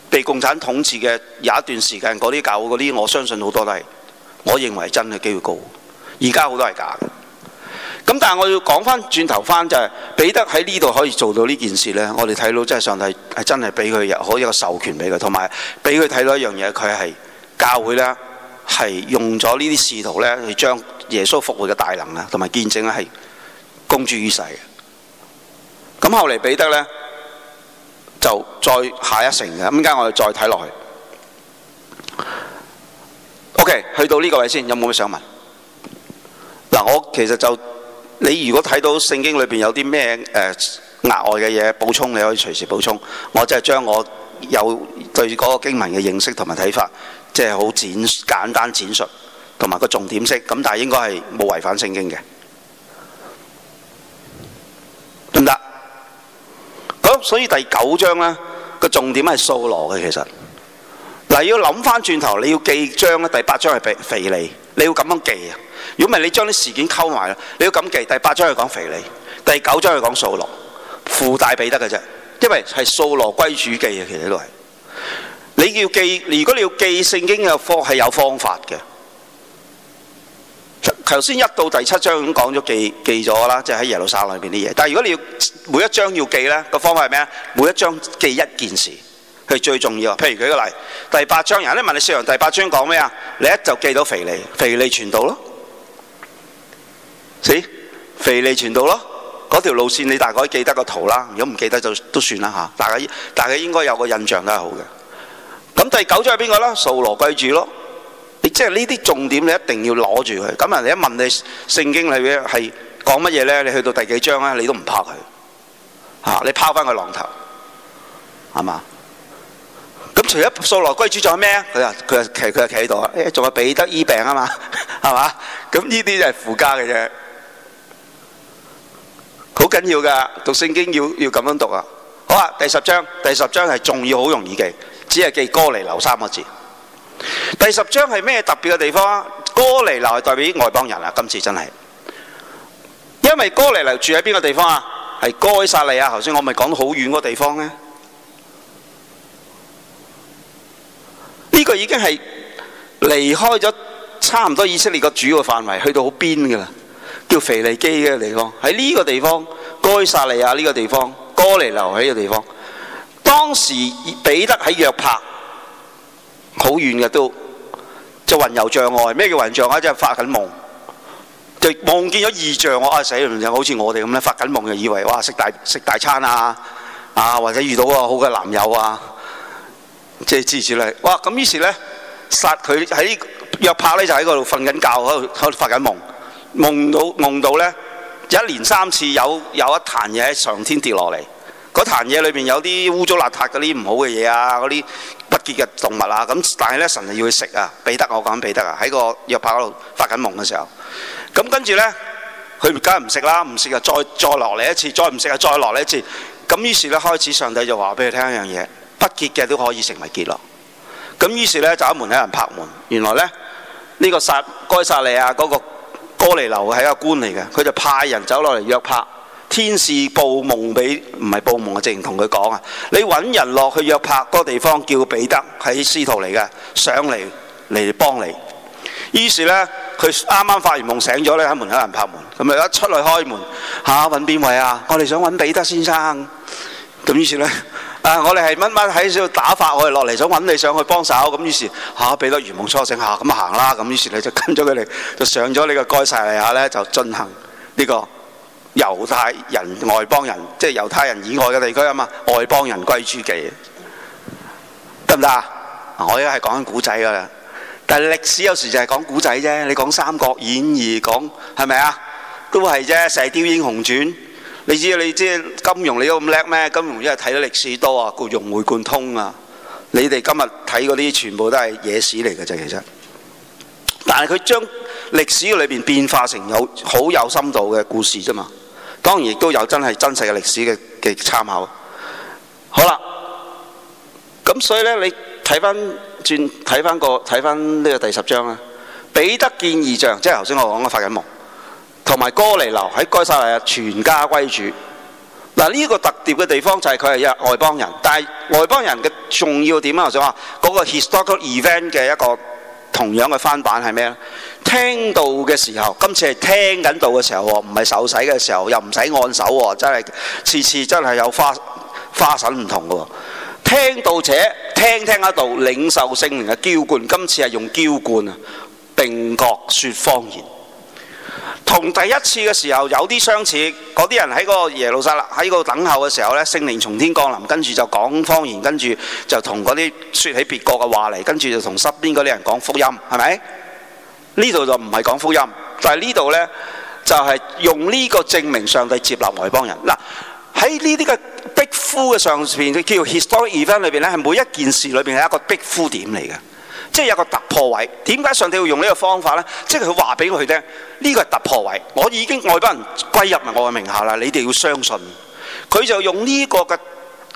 被共產統治嘅有一段時間，嗰啲教會嗰啲我相信好多都係。我認為真嘅機會高，而家好多係假嘅。咁但係我要講翻轉頭就係、返、彼得喺呢度可以做到呢件事呢，我哋睇到真係上帝係真係俾佢有好一個授權俾佢，同埋俾佢睇到一樣嘢，佢係教會咧係用咗呢啲仕途去將耶穌復活嘅大能啊，同埋見證係公諸於世嘅。咁後來彼得呢，就再下一城嘅，點解我哋再睇落去？O K，去到呢個位先，有冇咩想問？嗱、啊，我其實就你如果睇到聖經裏面有啲咩誒額外嘅嘢補充，你可以隨時補充。我即係將我有對嗰個經文嘅認識同埋睇法，即係好簡單闡述，同埋個重點式。咁但係應該係冇違反聖經嘅，得唔得？咁所以第九章呢個重點係掃羅嘅，其實。嗱，要諗返轉頭，你要記章第八章係肥肥利，你要咁樣記如果唔係，你將啲事件溝埋你要咁記。第八章係講肥利，第九章係講掃羅附帶彼得嘅啫，因為係掃羅歸主記啊，其實都係，你要記，如果你要記聖經嘅方法係有方法嘅。頭先一到第七章已經講咗記記咗啦，即係喺耶路撒冷裏邊啲嘢。但如果你要每一章要記呢、那個方法係咩每一章記一件事。係最重要，譬如舉個例。第八章人，人都問你聖經第八章講咩啊？你一就記到肥利，肥利傳道咯，肥利傳道咯。嗰條路線你大概記得個圖啦，如果唔記得就都算啦。大家，大家應該有個印象都係好嘅。咁第九章係邊個咧？掃羅歸主咯。你即係呢啲重點，你一定要攞住佢。咁人哋一問你聖經裏面係講乜嘢咧？你去到第幾章咧，你都唔拋佢，你拋翻個浪頭係嘛？是吧。除咗掃羅歸主，仲有咩啊？佢話佢話其佢話企喺度啊！誒，仲有彼得醫病啊嘛，係嘛？咁呢啲就係附加嘅啫，好緊要噶。讀聖經要要咁樣讀啊！好啊，第十章，第十章係重要，好容易記，只係記哥尼流三個字。第十章係咩特別嘅地方啊？哥尼流係代表外邦人啊，今次真係，因為哥尼流住喺邊個地方啊？係該撒利亞！頭先我咪講到好遠個地方咧。呢、個已經係離開咗差唔多以色列個主要範圍，去到好邊噶啦，叫腓尼基嘅地方。喺呢個地方，該撒利亞呢個地方，哥尼流喺呢個地方。當時彼得喺約帕，好遠嘅都，即係魂遊象外。咩叫魂象啊？即係發緊夢，就夢見咗異象。啊我啊死就好似我哋咁咧，發緊夢就以為哇，食大食大餐啊，啊或者遇到個好嘅男友啊。即係支持啦！哇，咁於是咧殺佢喺約帕咧就喺嗰度瞓緊覺，喺度喺度發緊夢，夢到夢到咧一連三次有有一壇嘢喺上天跌落嚟，嗰壇嘢裏邊有啲污糟邋遢嗰啲唔好嘅嘢啊，嗰啲不潔嘅動物啊，咁但係咧神係要去食啊，彼得我講彼得啊喺個約帕嗰度發緊夢嘅時候，咁跟住咧佢梗係唔食啦，唔食啊再再落嚟一次，再唔食啊再落嚟一次，咁於是咧開始上帝就話俾佢聽一樣嘢。不潔嘅都可以成為潔咯，咁於是呢，就喺門口人拍門。原來呢，呢、呢個撒、該撒利亞嗰個哥尼流係一個官嚟嘅，佢就派人走落嚟約帕。天使報夢俾唔係報夢啊，直接同佢講啊，你揾人落去約帕個地方叫彼得，係司徒嚟嘅，上嚟嚟幫你。於是呢，佢啱啱發完夢醒咗呢，喺門口人拍門，咁啊一出嚟開門吓，揾、啊、邊位啊？我哋想揾彼得先生。咁於是呢。 我哋係乜乜喺度打發我哋落嚟，想揾你上去幫手咁。於是嚇俾到如夢初醒咁行啦。咁、啊、於是你就跟咗佢哋，就上咗呢個該撒利亞呢，就進行呢個猶太人外邦人，即係猶太人以外嘅地區啊嘛，外邦人歸主記，得唔得啊？我而家係講緊古仔噶啦，但係歷史有時就係講古仔啫。你講《三國演義》，講係咪啊？都係啫，《射雕英雄傳》。你知啊？你知金融你都咁叻咩？金融因為睇到歷史多啊，融會貫通啊。你哋今日睇嗰啲全部都係野史嚟嘅啫，其實。但係佢將歷史裏面變化成有好有深度嘅故事咋嘛。當然亦都有真係真實嘅歷史嘅嘅參考。好啦，咁所以呢，你睇返轉睇返個睇返呢個第十章啊。彼得見異象，即係頭先我講嘅發緊夢。同埋哥尼流喺該撒利亞全家歸主，嗱、這、呢個特別嘅地方就係佢係一外邦人，但係外邦人嘅重要點啊，我想話嗰個 historical event 嘅一個同樣嘅翻版係咩咧？聽到嘅時候，今次係聽緊到嘅時候喎，唔係受洗嘅時候，又唔使按手喎，真係次次真係有花花神唔同嘅喎。聽到且聽聽一度領受聖靈嘅澆灌，今次係用澆灌啊，並覺説方言。同第一次嘅時候有啲相似，嗰啲人喺個耶路撒冷喺個等候嘅時候呢，聖靈從天降臨，跟住就講方言，跟住就同嗰啲說起別國嘅話嚟，跟住就同身邊嗰啲人講福音，係咪？呢度就唔係講福音，但係呢度呢，就係、是、用呢個證明上帝接納外邦人。嗱，喺呢啲嘅逼呼嘅上邊，叫 historic event 裏邊呢，係每一件事裏邊係一個逼呼點嚟嘅。即係有個突破位，點解上帝會用呢個方法呢？即係佢話俾佢聽，呢個係突破位，我已經外邦人歸入埋我嘅名下啦。你哋要相信，佢就用呢個嘅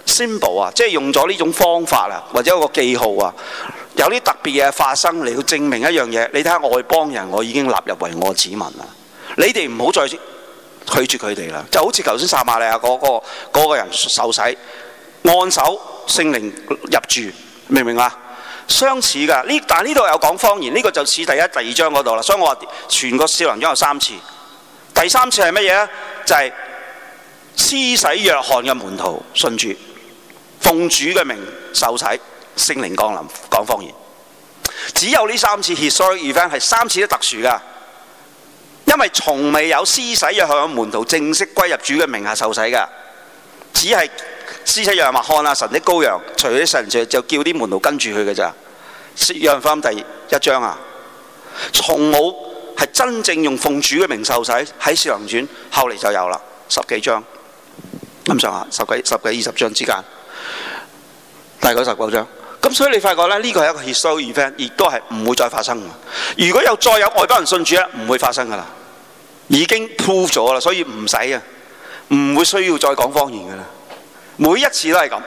symbol 啊，即係用咗呢種方法啊，或者有一個記號啊，有啲特別嘅發生嚟，要證明一樣嘢。你睇下外邦人，我已經納入為我嘅子民啦。你哋唔好再拒絕佢哋啦，就好似頭先撒瑪利亞嗰個嗰個人受洗，按手聖靈入住，明唔明啊？相似嘅呢，但係呢度有講方言，呢、這個就似第一、第二章嗰度啦。所以我話全個聖靈章有三次，第三次係乜嘢咧？就係、是、施洗約翰嘅門徒信主，奉主嘅名受洗，聖靈降臨講方言。只有呢三次 historic event 係三次都特殊㗎，因為從未有施洗約翰嘅門徒正式歸入主嘅名下受洗㗎，只係。施洗約翰看下神的羔羊，除咗神，就就叫啲門徒跟住佢嘅咋？施約翰福音第一章啊，從冇係真正用奉主嘅名受洗喺《使徒行傳》，後嚟就有啦，十幾章。咁上下，十幾、十幾、二十章之間，大概十九章。咁所以你發覺咧，呢個係一個 historical event，亦都係唔會再發生。如果有再有外國人信主咧，唔會發生噶啦，已經 prove 咗啦，所以唔使啊，唔會需要再講方言噶啦。每一次都係咁，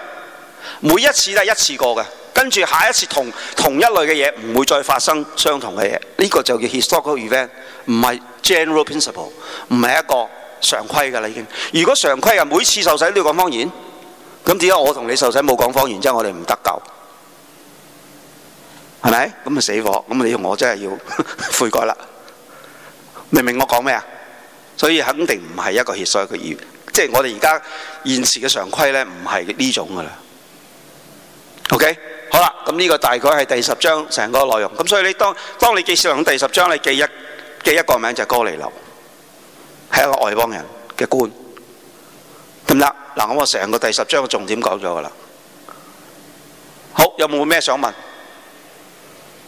每一次都係一次過嘅。跟住下一次同同一類嘅嘢唔會再發生相同嘅嘢。呢個就叫 historical event，唔係 general principle，唔係一個常規㗎啦已經。如果常規啊，每次受洗都要講方言，咁點解我同你受洗冇講方言，之後我哋唔得救？係咪？咁啊死火！咁你同我真係要 悔改啦。明唔明我講咩啊？所以肯定唔係一個 historical event。即係我哋而家現時嘅常規咧，唔係呢種噶啦。OK，好啦，咁呢個大概係第十章成個內容。咁所以你當當你記聖經第十章，你記一記一個名字就係哥尼流，係一個外邦人嘅官，得唔得？嗱，我成個第十章嘅重點講咗噶啦。好，有冇咩想問？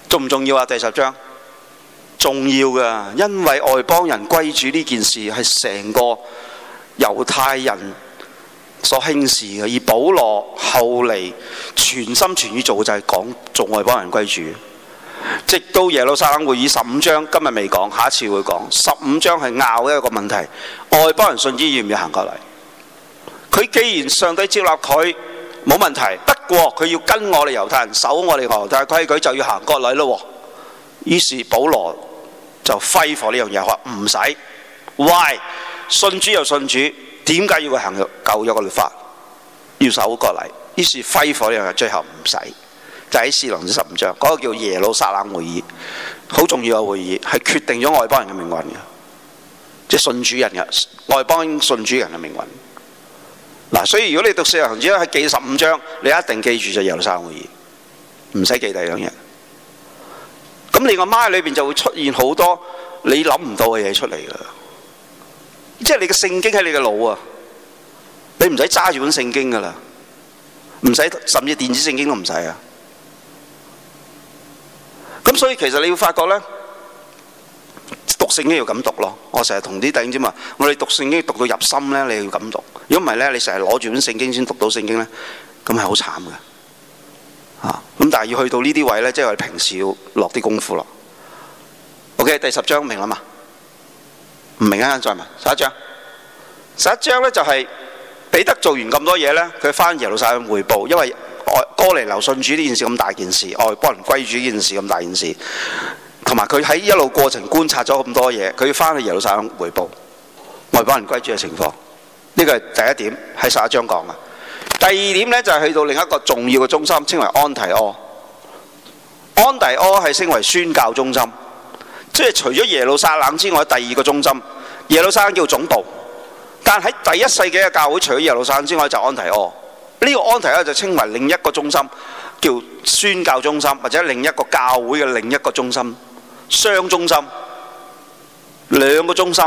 重唔重要啊？第十章重要噶，因為外邦人歸主呢件事係成個。猶太人所輕視嘅，而保羅後嚟全心全意做就係、是、講做外邦人歸主，直到耶路撒冷會議十五章，今日未講，下一次會講十五章係拗一個問題：外邦人信主要唔要行過嚟？佢既然上帝接納佢，冇問題。不過佢要跟我哋猶太人守我哋猶太規矩，就要行過嚟咯。於是保羅就揮霍呢樣嘢，話唔使。喂。」信主又信主，點解要佢行舊約嘅律法？要守割禮？於是揮火一樣，最後唔使。就喺使徒行傳十五章，嗰、那個叫耶路撒冷會議，好重要嘅會議，係決定咗外邦人嘅命運嘅，即、就、係、是、信主人嘅外邦信主人嘅命運。嗱，所以如果你讀使徒行傳係記十五章，你一定記住就耶路撒冷會議，唔使記第二樣嘢。咁你阿媽裏邊就會出現好多你諗唔到嘅嘢出嚟即係你嘅聖經喺你嘅腦啊，你唔使揸住本聖經噶啦，唔使甚至電子聖經都唔使啊。咁所以其實你要發覺咧，讀聖經要咁讀咯。我成日同啲弟兄姊妹，我哋讀聖經讀到入心咧，你要咁讀。如果唔係咧，你成日攞住本聖經先讀到聖經咧，咁係好慘噶。吓、啊、咁，但係要去到這些呢啲位咧，即係我哋平時要落啲功夫咯。OK，第十章明啦嘛。唔明啊，再問十一章，十一章呢就係、是、彼得做完咁多嘢呢，佢翻耶路撒冷彙報，因為哥尼流信主呢件事咁大件事，外邦人歸主呢件事咁大件事，同埋佢喺一路過程觀察咗咁多嘢，佢翻去耶路撒冷彙報外邦人歸主嘅情況，呢個係第一點，喺十一章講嘅。第二點呢，就係去到另一個重要嘅中心，稱為安提阿。安提阿係稱為宣教中心。即係除咗耶路撒冷之外，第二個中心，耶路撒冷叫總部。但喺第一世紀嘅教會，除咗耶路撒冷之外，就安提阿。呢個安提阿就稱為另一個中心，叫宣教中心，或者另一個教會嘅另一個中心，雙中心，兩個中心，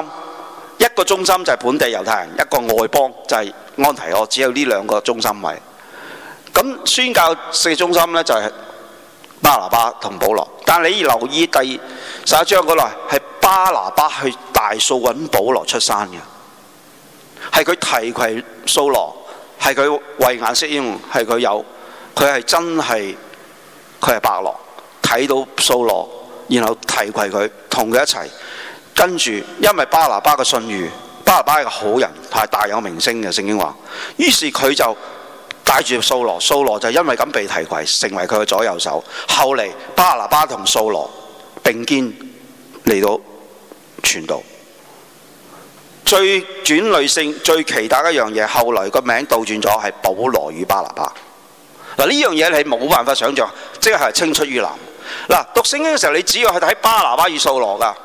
一個中心就係本地猶太人，一個外邦就係安提阿，只有呢兩個中心位。咁宣教四中心呢就係，巴拿巴同保羅，但係你留意第十一章嗰度，係巴拿巴去大數揾保羅出山嘅係佢提攜掃羅，係佢慧眼識英雄，係佢有，佢係真係，佢係伯樂，睇到掃羅，然後提攜佢，同佢一齊，跟住因為巴拿巴嘅信譽，巴拿巴係個好人，係大有名聲嘅，聖經話，於是佢就。帶住掃羅，掃羅就因為咁被提携，成為佢嘅左右手。後嚟巴拿巴同掃羅並肩嚟到傳道。最轉類性、最期待嘅一樣嘢，後來個名倒轉咗，係保羅與巴拿巴。嗱呢樣嘢你冇辦法想象，即係青出於藍。嗱讀聖經嘅時候，你只要係睇巴拿巴與掃羅噶，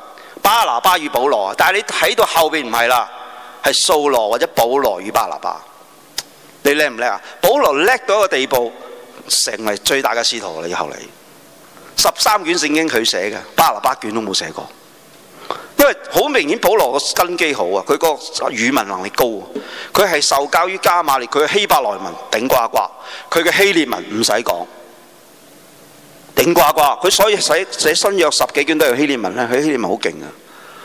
巴拿巴與保羅。但係你睇到後邊唔係啦，係掃羅或者保羅與巴拿巴。你叻唔叻啊？保羅叻到一個地步，成為最大嘅使徒啦！以後來十三卷聖經佢寫嘅，巴拿巴卷都冇寫過。因為好明顯保羅個根基好啊，佢個語文能力高，啊，佢係受教於加瑪列，佢希伯來文頂呱呱，佢嘅希臘文唔使講頂呱呱，佢所以寫新約十幾卷都係希臘文咧，佢希臘文好勁啊！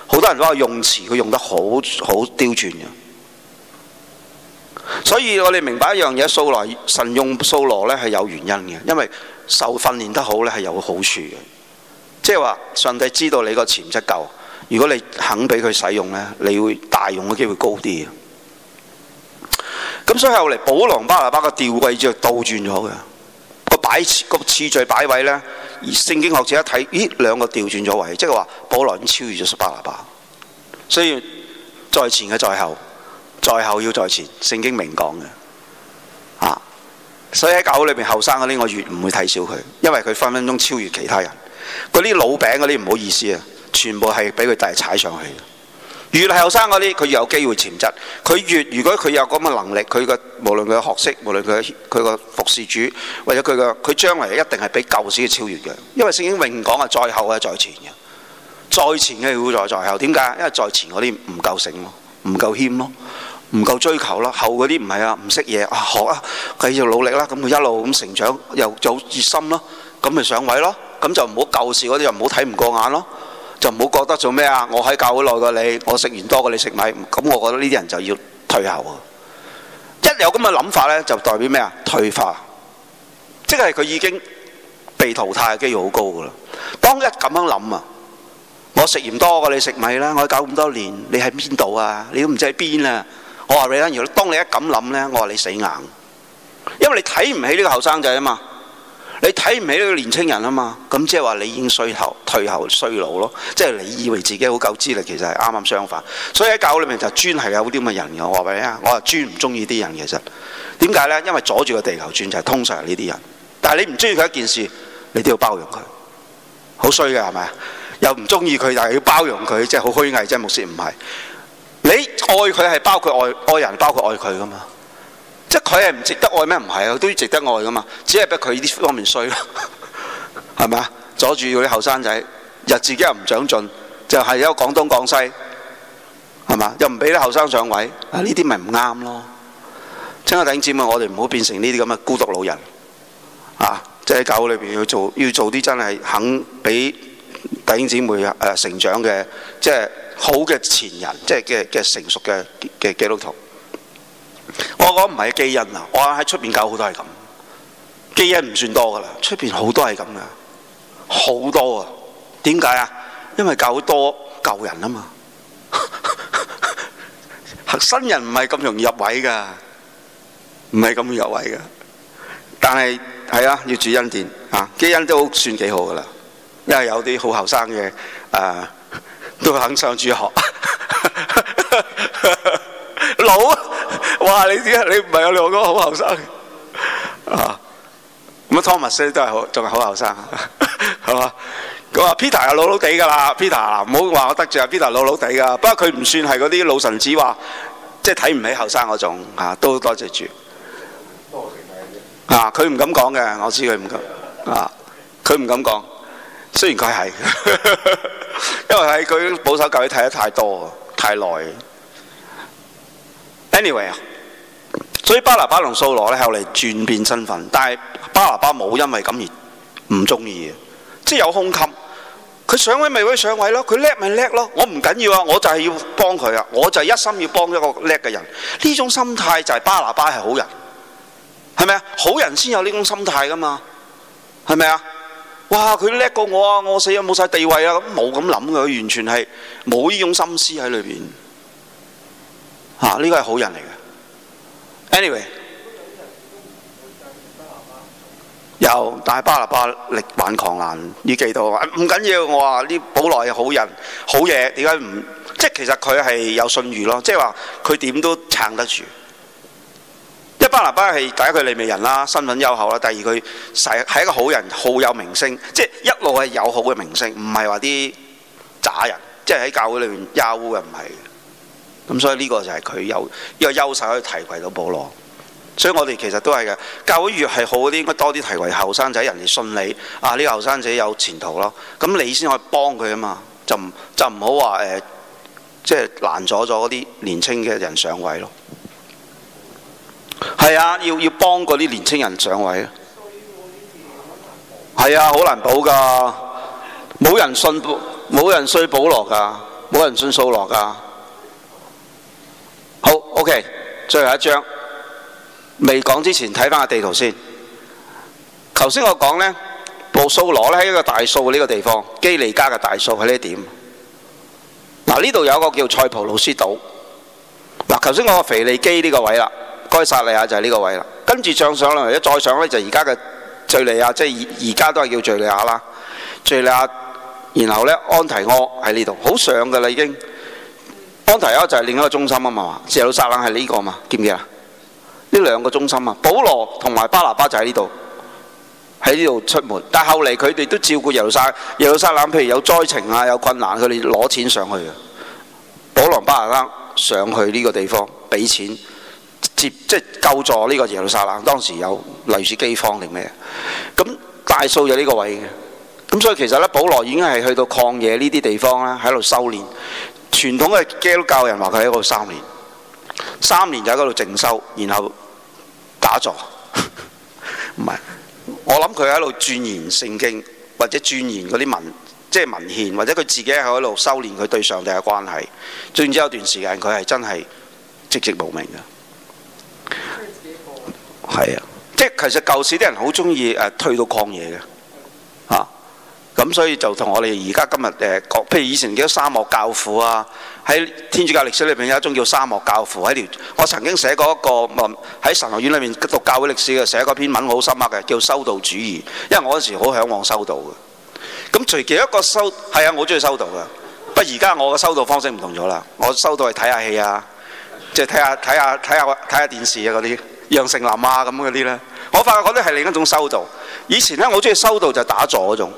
好多人都話用詞佢用得好好刁鑽嘅。所以我哋明白一樣嘢，掃羅神用掃羅咧係有原因嘅，因為受訓練得好咧係有好處嘅，即係話上帝知道你個潛質夠，如果你肯俾佢使用呢，你會大用嘅機會高啲嘅。咁所以後嚟保羅巴拿巴個調位就倒轉咗嘅，個擺次序擺位呢。聖經學者一睇，咦兩個調轉咗位，即係話保羅已經超越咗巴拿巴，所以在前嘅在後。在後要在前，聖經明講嘅啊，所以喺教會裏面後生嗰啲，我越唔會睇小佢，因為佢分分鐘超越其他人。嗰啲老餅嗰啲唔好意思啊，全部係俾佢大踩上去嘅。越係後生嗰啲，佢越有機會潛質。佢越如果佢有咁嘅能力，佢嘅無論佢學識，無論佢佢個服侍主，或者佢個佢將嚟一定係比舊時嘅超越嘅。因為聖經明講啊，在後啊，在前嘅，在前嘅要在在後。點解？因為在前嗰啲唔夠醒咯，唔夠謙咯。唔夠追求咯，後嗰啲唔係啊，唔識嘢啊，學啊，繼續努力啦，咁佢一路咁成長，又做熱心咯，咁咪上位咯，咁就唔好舊時嗰啲又唔好睇唔過眼咯，就唔好覺得做咩啊，我喺教會耐過你，我食鹽多過你食米，咁我覺得呢啲人就要退後啊！一有咁嘅諗法咧，就代表咩啊？退化，即係佢已經被淘汰嘅機會好高噶啦。當一咁樣諗啊，我食鹽多過你食米啦，我教咁多年，你喺邊度啊？你都唔知喺邊啊！我話俾你聽，如果當你一咁諗咧，我話你，你死硬，因為你睇唔起呢個後生仔啊嘛，你睇唔起呢個年青人啊嘛，咁即係話你已經衰後、退後、衰老咯，即係你以為自己好夠資歷，其實係啱啱相反。所以喺教會裡面就是專係有啲咁嘅人嘅，我話俾你聽，我話專唔中意啲人，其實點解咧？因為阻住個地球轉就係、是、通常係呢啲人，但係你唔中意佢一件事，你都要包容佢，好衰嘅係咪？又唔中意佢，但又要包容佢，即係好虛偽，即係目識唔係。你愛佢係包括愛愛人，包括愛佢噶嘛？即係佢係唔值得愛咩？唔係啊，都值得愛噶嘛。只係俾佢呢方面衰咯，係 咪？阻住佢啲後生仔，又自己又唔長進，就係有講東講西，係嘛？又唔俾啲後生上位，啊呢啲咪唔啱咯？真係弟兄姊妹，我哋唔好變成呢啲咁嘅孤獨老人啊！即係喺教會裏邊要做要做啲真係肯俾弟兄姊妹誒成長嘅，即係。好嘅前人，即係嘅嘅成熟嘅嘅基督徒。我講唔係基因啊，我喺出邊教好多係咁，基因唔算多噶啦，出邊好多係咁噶，好多啊。點解啊？因為教很多救人啊嘛。核 心人唔係咁容易入位噶，唔係咁易入位噶。但係，係啊，要主恩典啊，基因都算幾好噶啦。因為有啲好後生嘅誒。呃都肯上主學， 老啊！哇！你知 啊，你唔係我兩個好後生啊。咁啊，Thomas 都係好，仲係好後生，啊，係嘛？咁啊，Peter 又老老地㗎啦。Peter 唔好話我得罪啊，Peter 老老地㗎。不過佢唔算係嗰啲老臣子話，即係睇唔起後生嗰種都多謝住嚇，佢唔敢講嘅，我知佢唔敢啊。佢唔敢講，雖然佢係。 因為喺佢保守教佢睇得太多，太耐。Anyway，所以巴拿巴同掃羅咧，係我哋轉變身份，但係巴拿巴冇因為咁而唔中意嘅，即係有胸襟。佢上位咪會上位咯，佢叻咪叻咯。我唔緊要啊，我就係要幫佢啊，我就係一心要幫一個叻嘅人。呢種心態就係巴拿巴係好人，係咪啊？好人先有呢種心態噶嘛，係咪啊？哇！佢叻過我啊！我死啊！冇晒地位啊！咁冇咁諗嘅，佢完全係冇呢種心思喺裏邊嚇。呢個係好人嚟嘅。Anyway，有，但係巴拿巴力挽狂瀾，依幾多唔、啊、緊要。我話呢，保羅係好人，好嘢。點解唔即係其實佢係有信譽咯？即係話佢點都撐得住。巴拿巴係第一佢利未人啦，身份優厚啦。第二佢係係一個好人，好有名聲，即係一路係友好嘅名聲，唔係話啲渣人，即係喺教會裏面優嘅唔係。咁所以呢個就係佢有，呢個優勢可以提攜到保羅。所以我哋其實都係嘅，教會越係好啲，應該多啲提攜後生仔人哋信你。啊，呢個後生仔有前途咯，咁你先可以幫佢啊嘛。就唔就唔好話誒，即係攔阻咗嗰啲年青嘅人上位咯。係啊，要要幫嗰啲年輕人上位啊。係啊，好難保㗎，冇人，冇人信保羅㗎，冇人信掃羅㗎。好，OK，最後一章未講之前，睇翻個地圖先。頭先我講部保羅呢喺一個大數呢個地方，基利加嘅大數喺呢一點。嗱，呢度有一個叫塞浦路斯島。嗱，頭先我個肥利基呢個位啦。該撒利亞就係呢個位啦，跟住上上嚟，一再上咧就而家嘅敍利亞，即係而家都係叫敍利亞啦。敍利亞，然後咧安提阿喺呢度，好上嘅啦已經。安提阿就係另一個中心啊嘛，耶路撒冷係呢個嘛，記唔記啊？呢兩個中心啊，保羅同埋巴拿巴就喺呢度，喺呢度出門。但係後嚟佢哋都照顧耶路撒，耶路撒冷，譬如有災情啊，有困難，佢哋攞錢上去啊。保羅、巴拿巴上去呢個地方俾錢。接即係救助呢個耶路撒冷，當時有類似饑荒定咩？咁大數有呢個位嘅，咁所以其實咧，保羅已經係去到曠野呢啲地方咧，喺度修煉。傳統嘅基督教人話佢喺度三年，三年就喺度靜修，然後打坐。唔 係，我諗佢喺度鑽研聖經，或者鑽研嗰啲文即係、就是、文獻，或者佢自己喺度修煉佢對上帝嘅關係。總之有一段時間，佢係真係寂寂無名嘅。係啊，即係其實舊時啲人好中意誒，退、呃、到曠野嘅，啊，咁所以就同我哋而家今日誒、呃，譬如以前叫沙漠教父啊，喺天主教歷史裏邊有一種叫沙漠教父喺條，我曾經寫過一個文，喺神學院裏面讀教會歷史嘅，寫嗰篇文好深刻嘅，叫修道主義，因為我嗰時好向往修道嘅，咁隨其一個修係啊，我好中意修道嘅，不過而家我嘅修道方式唔同咗啦，我修道係睇下戲啊。即係睇下睇下睇下睇下電視啊嗰啲，楊丞琳啊咁嗰啲咧，我發覺嗰啲係另一種修道。以前咧，我好中意修道就打坐嗰種，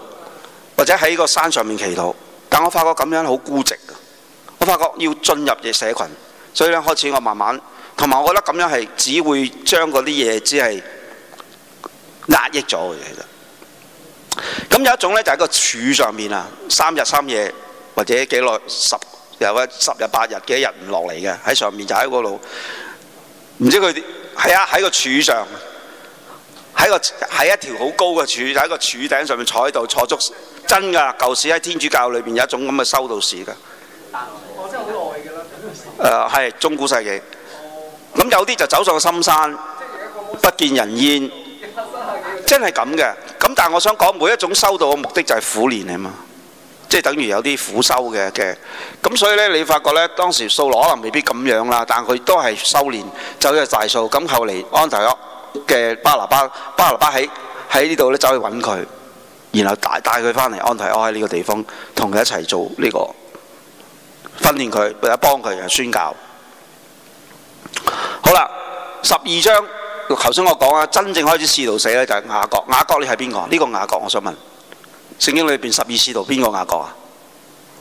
或者喺個山上面祈禱。但我發覺咁樣好孤寂，我發覺要進入嘅社群，所以咧開始我慢慢，同埋我覺得咁樣係只會將嗰啲嘢只係壓抑咗嘅其實。咁有一種咧就喺個柱上面啊，三日三夜或者幾耐十。有啊，十日八日幾日唔落嚟嘅，喺上面就喺嗰度，唔知佢係啊，喺個柱上，喺喺一,一條好高嘅柱，喺個柱頂上面坐喺度，坐足真㗎。舊時喺天主教裏面有一種咁嘅修道士㗎。我真係好耐㗎啦。誒、呃、係中古世紀，咁有啲就走上深山個，不見人煙，真係咁嘅。咁但係我想講，每一種修道嘅目的就係苦練啊嘛。即係等於有啲苦修嘅嘅，咁所以呢，你發覺呢，當時掃羅可能未必咁樣啦，但佢都係修練，走咗去大數。咁後嚟安提阿嘅巴拿巴，巴拿巴喺喺呢度呢，走去揾佢，然後帶帶佢翻嚟安提阿喺呢個地方同佢一齊做呢、這個訓練佢，或者幫佢宣教。好啦，十二章頭先我講啊，真正開始試到死呢，就係、是、雅各。雅各你係邊個？呢、這個雅各，我想問。聖經裏邊十二使徒邊個雅各啊？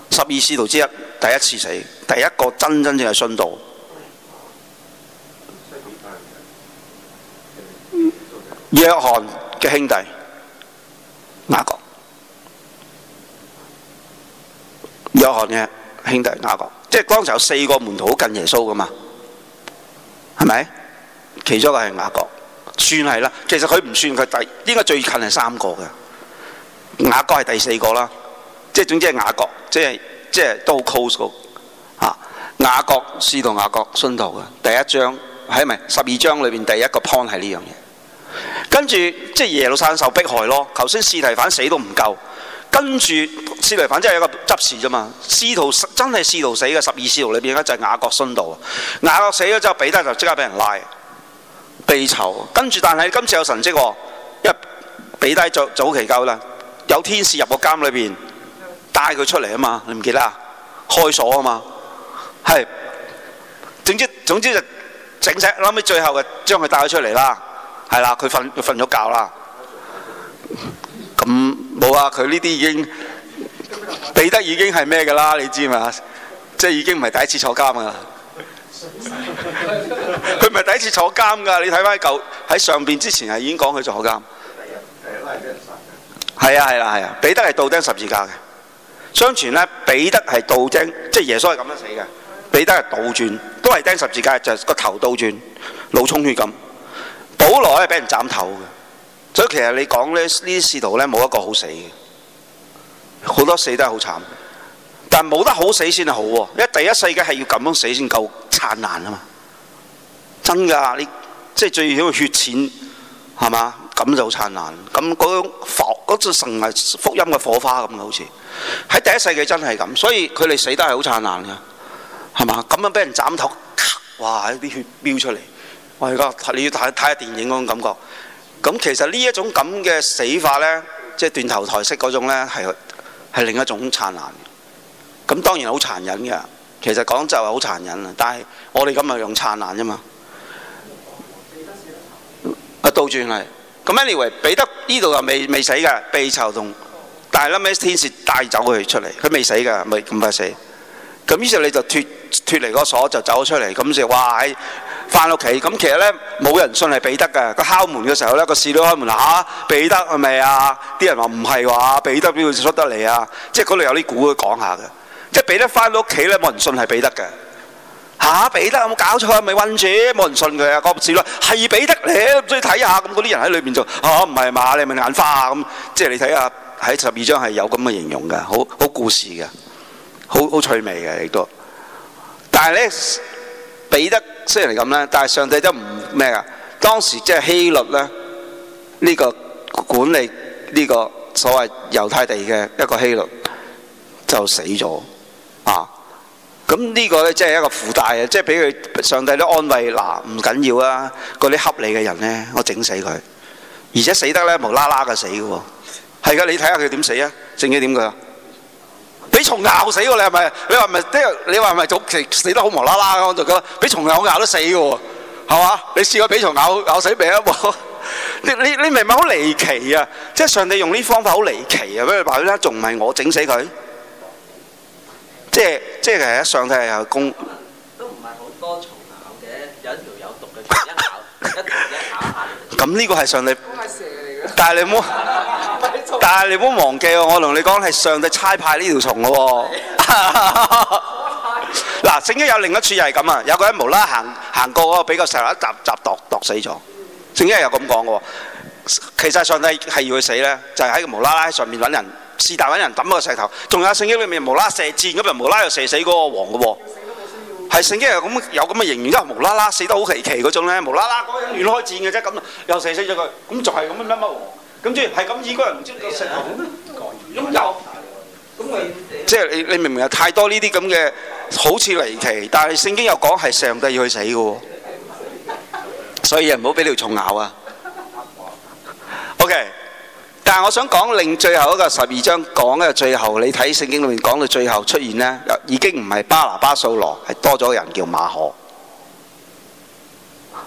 十二使徒之一，第一次死，第一個真真正正的殉道、嗯。約翰的兄弟雅各，約翰的兄弟雅各、各，即係當時有四個門徒好近耶穌㗎嘛？係咪其中一個係雅各，算係啦，其實佢唔算佢第，應該最近係三個嘅。雅各係第四個啦，即係總之係雅各，即係即係都好 close 啊！雅各使徒雅各殉道嘅第一章，係咪十二章裏邊第一個 point 係呢樣嘢？跟住即係耶路撒冷受迫害咯。頭先司提反死都唔夠，跟住司提反即係有個執事啫嘛。使徒真係使徒死嘅十二使徒裏邊咧就係雅各殉道。雅各死咗之後，彼得就即刻俾人拉被囚。跟住但係今次有神跡喎，因為彼得早早期夠啦。有天使入個監裏邊帶佢出嚟啊嘛，你唔記得啊？開鎖啊嘛，係，總之總之就整死，後尾最後就將佢帶咗出嚟啦，係啦，佢瞓瞓咗覺啦。咁冇啊，佢呢啲已經彼得已經係咩嘅啦？你知嘛？即係已經唔係第一次坐監噶啦。佢唔係第一次坐監噶，你睇翻舊喺上邊之前係已經講佢坐監。係啊係啊，係啊、啊、啊，彼得係倒釘十字架嘅。相傳呢，彼得係倒釘，即、就、係、是、耶穌係咁樣死嘅。彼得係倒轉，都係釘十字架，就個、是、頭倒轉，腦充血咁。保羅係俾人斬頭嘅。所以其實你講咧，呢啲使徒咧冇一個好死嘅，好多死都係好慘。但冇得好死先係好、喎，因為第一世界係要咁樣死先夠燦爛啊嘛。真噶、啊，你即係、就是、最要血錢，係嘛？咁就好燦爛，咁嗰種火嗰種成為福音嘅火花咁嘅，好似喺第一世紀真係咁，所以佢哋死得係好燦爛嘅，係嘛？咁樣俾人斬頭，咔！哇！有啲血飆出嚟，我而家你要睇睇下電影嗰種感覺。咁其實呢一種咁嘅死法咧，即係斷頭台式嗰種咧，係係另一種燦爛。咁當然好殘忍嘅，其實講就係好殘忍啦。但係我哋咁係用燦爛啫嘛。啊，倒轉嚟。咁 anyway，彼得呢度又未未死嘅，被囚同大 n u 天使帶走佢出嚟，佢未死㗎，未咁快死。咁於是你就脫脱離個鎖就走咗出嚟，咁就話喺翻屋企。咁其實咧冇人信係彼得嘅，佢敲門嘅時候咧個侍女開門啦嚇、啊，彼得係咪啊？啲人話唔係話彼得要出得嚟啊，即係嗰度有啲佢講下嘅，即係彼得翻到屋企咧冇人信係彼得嘅。嚇、啊，彼得有冇搞錯，咪溫住，冇人信佢、那個欸、啊！個事例係彼得你唔，所以睇下咁，嗰啲人喺裏面就嚇唔係嘛？你咪眼花咁，即係、就是、你睇下喺十二章係有咁嘅形容嘅，好好故事嘅，好好趣味嘅亦都。但係咧，彼得雖然係咁呢，但係上帝都唔咩啊。當時即係希律咧，呢、這個管理呢、這個所謂猶太地嘅一個希律就死咗啊。咁呢個咧，即係一個附帶啊！即係俾佢上帝都安慰，嗱唔緊要呀。嗰啲恰你嘅人咧，我整死佢，而且死得咧無啦啦嘅死嘅喎。係噶，你睇下佢點死啊？正經點佢呀？俾蟲咬死喎！你係咪？你話咪？你話咪？早期死得好無啦啦咁，我就覺得俾蟲咬咬都死嘅喎，係嘛？你試過俾蟲咬咬死未啊？你你你明唔明好離奇啊？即係上帝用呢方法好離奇啊！俾佢話俾你聽，仲唔係我整死佢？即係即係，其實上帝係有公。都唔係好多蟲咬嘅，有一條有毒嘅 一咬， 一條一咁呢個係上帝。但係你唔好，但係你唔好 忘記喎，我同你講係上帝差派呢條蟲嘅喎。嗱， 正經有另一處又係咁啊，有個人無啦啦行行過嗰個比較，俾個細路，一集集度度死咗，嗯。正經有咁講嘅喎，其實上帝係要佢死咧，就係、是、喺無啦啦喺上面揾人。大無無無無是大班人抌個石頭，仲有聖經裏面無啦射箭嗰人，無啦又射死嗰個王噶喎，係聖經又咁有咁嘅形容即係無啦啦死得好奇奇嗰種咧，無啦啦嗰人亂開箭嘅啫，咁又射死咗佢，咁就係咁乜乜王。咁即係係咁，而家人唔知點射到，咁有，嗯、即係你你明唔明有太多呢啲咁嘅好似離奇，嗯、但係聖經又講係上帝要去死噶喎、嗯嗯嗯，所以唔好俾條蟲咬啊。嗯嗯嗯嗯、OK。但我想講，另最後一個十二章講嘅最後，你睇聖經裏面講到最後出現呢，已經唔係巴拿巴、掃羅，係多咗個人叫馬可。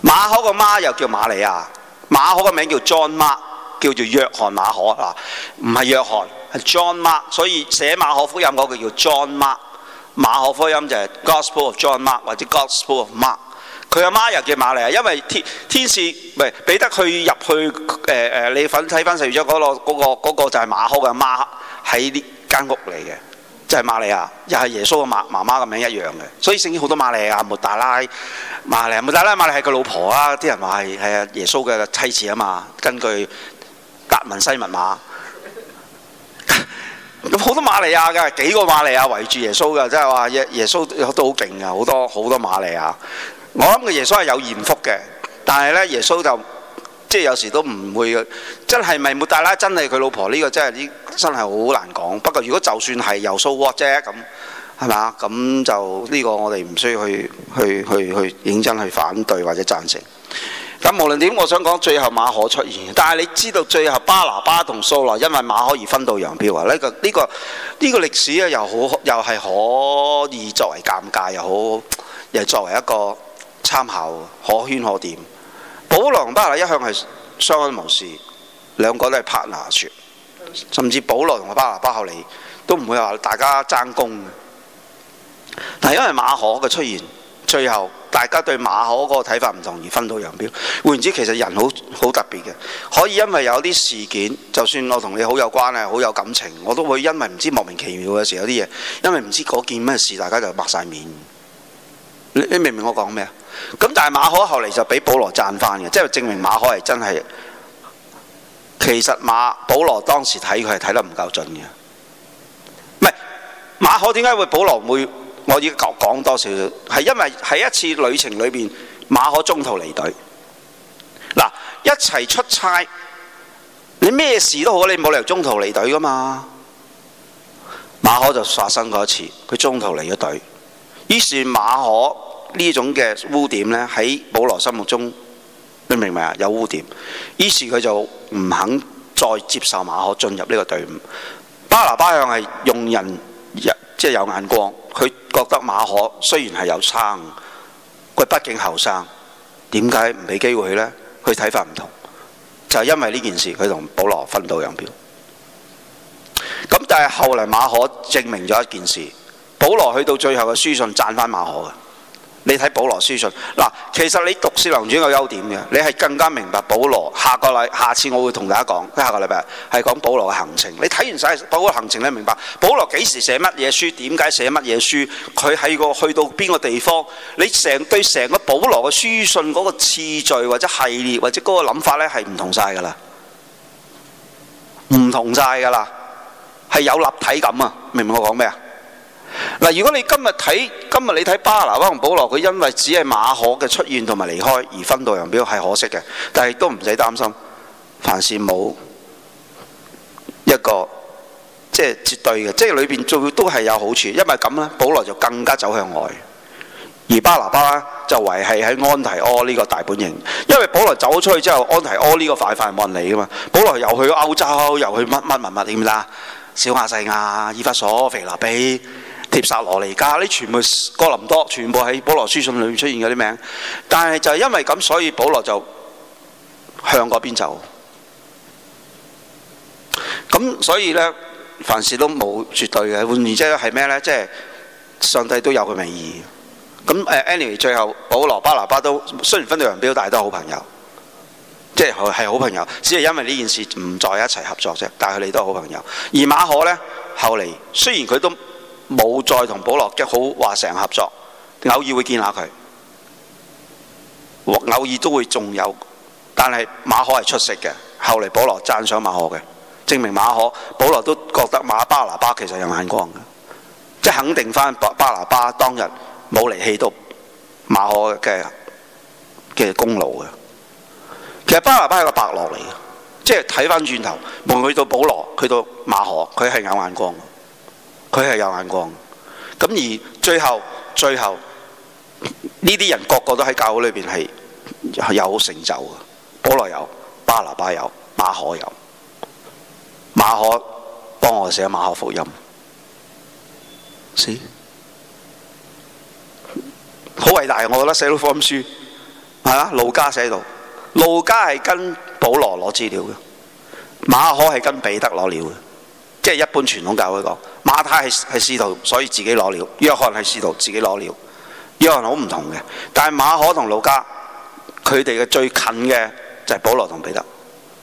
馬可個媽又叫瑪利亞，馬可嘅名叫 John Mark，叫做約翰馬可嗱，唔係約翰，係 John Mark，所以寫馬可福音嗰個叫 John Mark，馬可福音就係 Gospel of John Mark 或者 Gospel of Mark。佢阿媽又叫瑪利亞，因為天天使唔係俾得佢入去誒誒。你粉睇翻四咗一嗰度，個嗰個就係馬可嘅媽喺呢間屋嚟嘅，就係瑪利亞，又係、呃那個那個那個就是、耶穌嘅媽，媽媽媽嘅名字一樣嘅，所以聖經好多瑪利亞、抹大拉瑪利亞、抹大拉瑪利係佢老婆啊。啲人話係係啊，耶穌嘅妻子啊嘛。根據達文西密碼咁好 多瑪利亞嘅幾個瑪利亞圍住耶穌嘅，即係話耶穌穌都好勁啊，好多好多瑪利亞。我諗嘅耶穌係有艷福嘅，但係咧耶穌就即係有時都唔會真係咪冇大啦？真係佢老婆呢、這個真係呢，這個、真係好難講。不過如果就算係 so what 啫咁，係嘛咁就呢個我哋唔需要去去去去認真去反對或者讚成。咁無論點，我想講最後馬可出現，但係你知道最後巴拿巴同掃羅因為馬可而分道揚鑣啊！呢、這個呢、這個呢個歷史又好又係可以作為尷尬又好，又作為一個。參考可圈可點，保羅同巴拿一向係相安無事，兩個都係 partner 住，甚至保羅同個巴拿巴後嚟都唔會話大家爭功嘅。但係因為馬可嘅出現，最後大家對馬可個睇法唔同而分道揚鑣。換言之，其實人好好特別嘅，可以因為有啲事件，就算我同你好有關係，好有感情，我都會因為唔知莫名其妙嘅時候有啲嘢，因為唔知嗰件咩事，大家就擘晒面。你明唔明我講咩啊？咁但係馬可後嚟就俾保羅讚翻嘅，即係證明馬可係真係，其實馬，保羅當時睇佢係睇得唔夠準嘅。唔係，馬可點解會保羅會？我已經講講多少少，係因為喺一次旅程裏邊，馬可中途離隊。嗱，一齊出差，你咩事都好，你冇理由中途離隊㗎嘛。馬可就發生過一次，佢中途離咗隊，於是馬可。呢種嘅污點呢，喺保羅心目中，你明唔明啊？有污點，於是佢就唔肯再接受馬可進入呢個隊伍。巴拿巴向係用人，即係有眼光，佢覺得馬可雖然係有生，佢畢竟後生，點解唔俾機會佢呢？佢睇法唔同，就係因為呢件事，佢同保羅分道揚鑣。咁但係後嚟馬可證明咗一件事，保羅去到最後嘅書信讚返馬可嘅。你睇保羅書信，其實你讀四福音有優點嘅，你係更加明白保羅。下個禮，下次我會同大家講，下個禮拜係講保羅嘅行程。你睇完晒保羅行程，你明白保羅幾時寫乜嘢書，點解寫乜嘢書，佢去到邊個地方，你成對成個保羅嘅書信嗰個次序或者系列或者嗰個諗法係唔同晒噶啦，唔同晒㗎喇，係有立體感啊！明白我講咩啊？嗱，如果你今日睇，今日你睇巴拿巴同保羅，佢因為只係馬可嘅出現同埋離開而分道揚鑣係可惜嘅，但係都唔使擔心。凡事冇一個即係、就是、絕對嘅，即、就、係、是、裏邊做都係有好處，因為咁啦，保羅就更加走向外，而巴拿巴就維繫喺安提阿呢個大本營。因為保羅走咗出去之後，安提阿呢個快快冇人理噶嘛，保羅又去歐洲，又去乜乜物物點啦，小亞細亞、以弗所、腓立比。帖撒羅尼迦，你全部哥林多全部喺《保羅書信》裏面出現嗰啲名字，但係就係因為咁，所以保羅就向嗰邊走。咁所以呢凡事都冇絕對嘅，換言之係咩呢？即係上帝都有佢名義。咁 anyway 最後，保羅巴拿巴都雖然分道揚鑣，但係都係好朋友，即係係好朋友。只係因為呢件事唔再一齊合作啫，但係佢哋都係好朋友。而馬可呢，後嚟雖然佢都，冇再同保羅即係好話成日合作，偶爾會見下佢，或偶爾都會仲有。但係馬可係出色嘅，後嚟保羅讚賞馬可嘅，證明馬可保羅都覺得馬巴拿巴其實有眼光嘅，即係肯定翻巴拿巴當日冇離棄到馬可嘅嘅功勞嘅。其實巴拿巴係個伯樂嚟嘅，即係睇翻轉頭，無論去到保羅去到馬可，佢係有眼光嘅。佢係有眼光的，咁而最後最後呢啲人個個都喺教會裏面係有成就嘅，保羅有，巴拿巴有，馬可有。馬可幫我寫馬可福音，是好偉大。我覺得寫到福音書，係啊，路加寫到，路加係跟保羅攞資料嘅，馬可係跟彼得攞料嘅。即係一般傳統教會講，馬太係係使徒，所以自己攞料；約翰係使徒，自己攞料。約翰好唔同嘅，但係馬可同路加，佢哋嘅最近嘅就係保羅同彼得，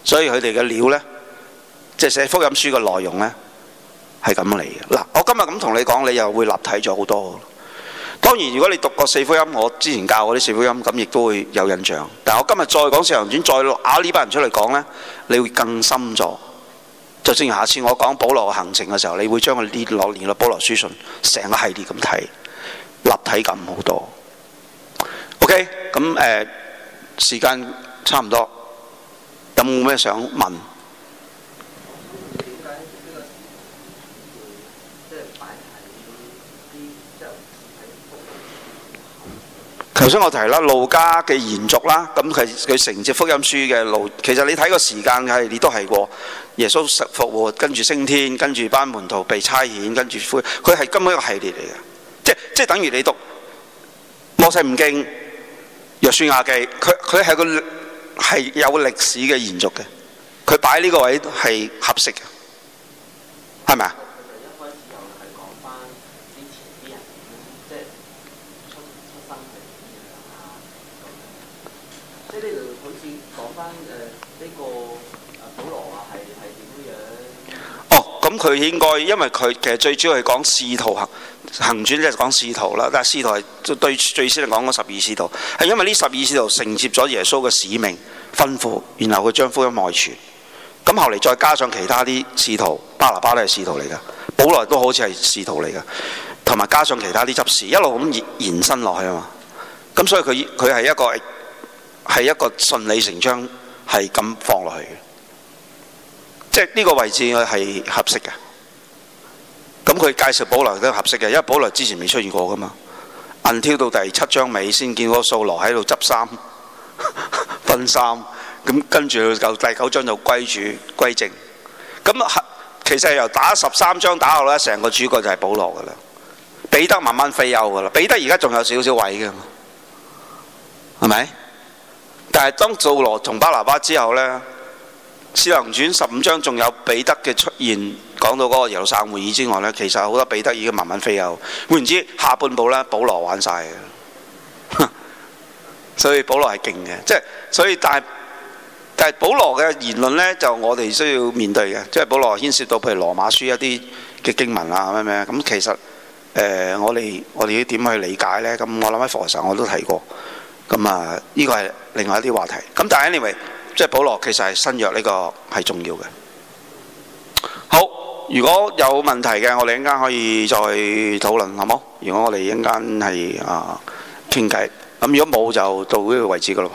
所以佢哋嘅料呢，即係寫福音書嘅內容呢，係咁嚟嘅。嗱，我今日咁同你講，你又會立體咗好多。當然，如果你讀過四福音，我之前教嗰啲四福音，咁亦都會有印象。但係我今日再講四福音，再攞呢班人出嚟講呢，你會更深咗。就正如下次我講保羅行程嘅時候，你會將佢列落連，連保羅書信成個系列咁睇，立體感好多。OK，咁誒、呃、時間差唔多，有冇咩想問？頭先我提啦，路加嘅延續啦，咁佢承接福音書嘅路，其實你睇個時間你都係過耶穌復活，跟住升天，跟住班門徒被差遣，跟住灰佢係咁樣一個系列嚟嘅，即即等於你讀摩西五經、約書亞記，佢佢係個係有歷史嘅延續嘅，佢擺呢個位係合適嘅，係咪啊？佢應該，因為佢其實最主要係講使徒行行傳咧，就係講使徒啦。但係使徒係對，最先係講嗰十二使徒，係因為呢十二使徒承接咗耶穌嘅使命吩咐，然後佢將福音外傳。咁後嚟再加上其他啲使徒，巴拿巴都係使徒嚟㗎，保羅都好似係使徒嚟㗎，同埋加上其他啲執事，一路咁延伸落去啊嘛。咁所以佢佢係一個係一個順理成章係咁放落去嘅。即係呢個位置，我係合適嘅。咁佢介紹保羅都合適嘅，因為保羅之前未出現過噶嘛。硬挑到第七章尾先見嗰個掃羅喺度執衫呵呵，分衫，咁跟住就第九章就歸主、歸正。咁其實由打十三章打落嚟，成個主角就係保羅噶啦。彼得慢慢 fade out 噶啦，彼得而家仲有少少位嘅，係咪？但係當掃羅同巴拿巴之後咧。《使徒行傳》十五章仲有彼得嘅出現，講到嗰個耶路撒冷會議之外咧，其實好多彼得已經慢慢飛走。換言之，下半部咧，保羅玩晒。嘅， 所以保羅係勁嘅，即係所以但係但係保羅嘅言論咧，就我哋需要面對嘅，即、就、係、是、保羅牽涉到譬如《羅馬書》一啲嘅經文啊，咩咩咁，其實誒、呃、我哋我哋要點去理解咧？咁我諗喺佛神我都提過，咁啊呢、這個係另外一啲話題。咁但係 anyway 即係保羅其實係新約呢個係重要嘅。好，如果有問題嘅，我哋陣間可以再討論，好冇？如果我哋陣間係啊傾偈，咁如果冇就到呢個位置噶啦。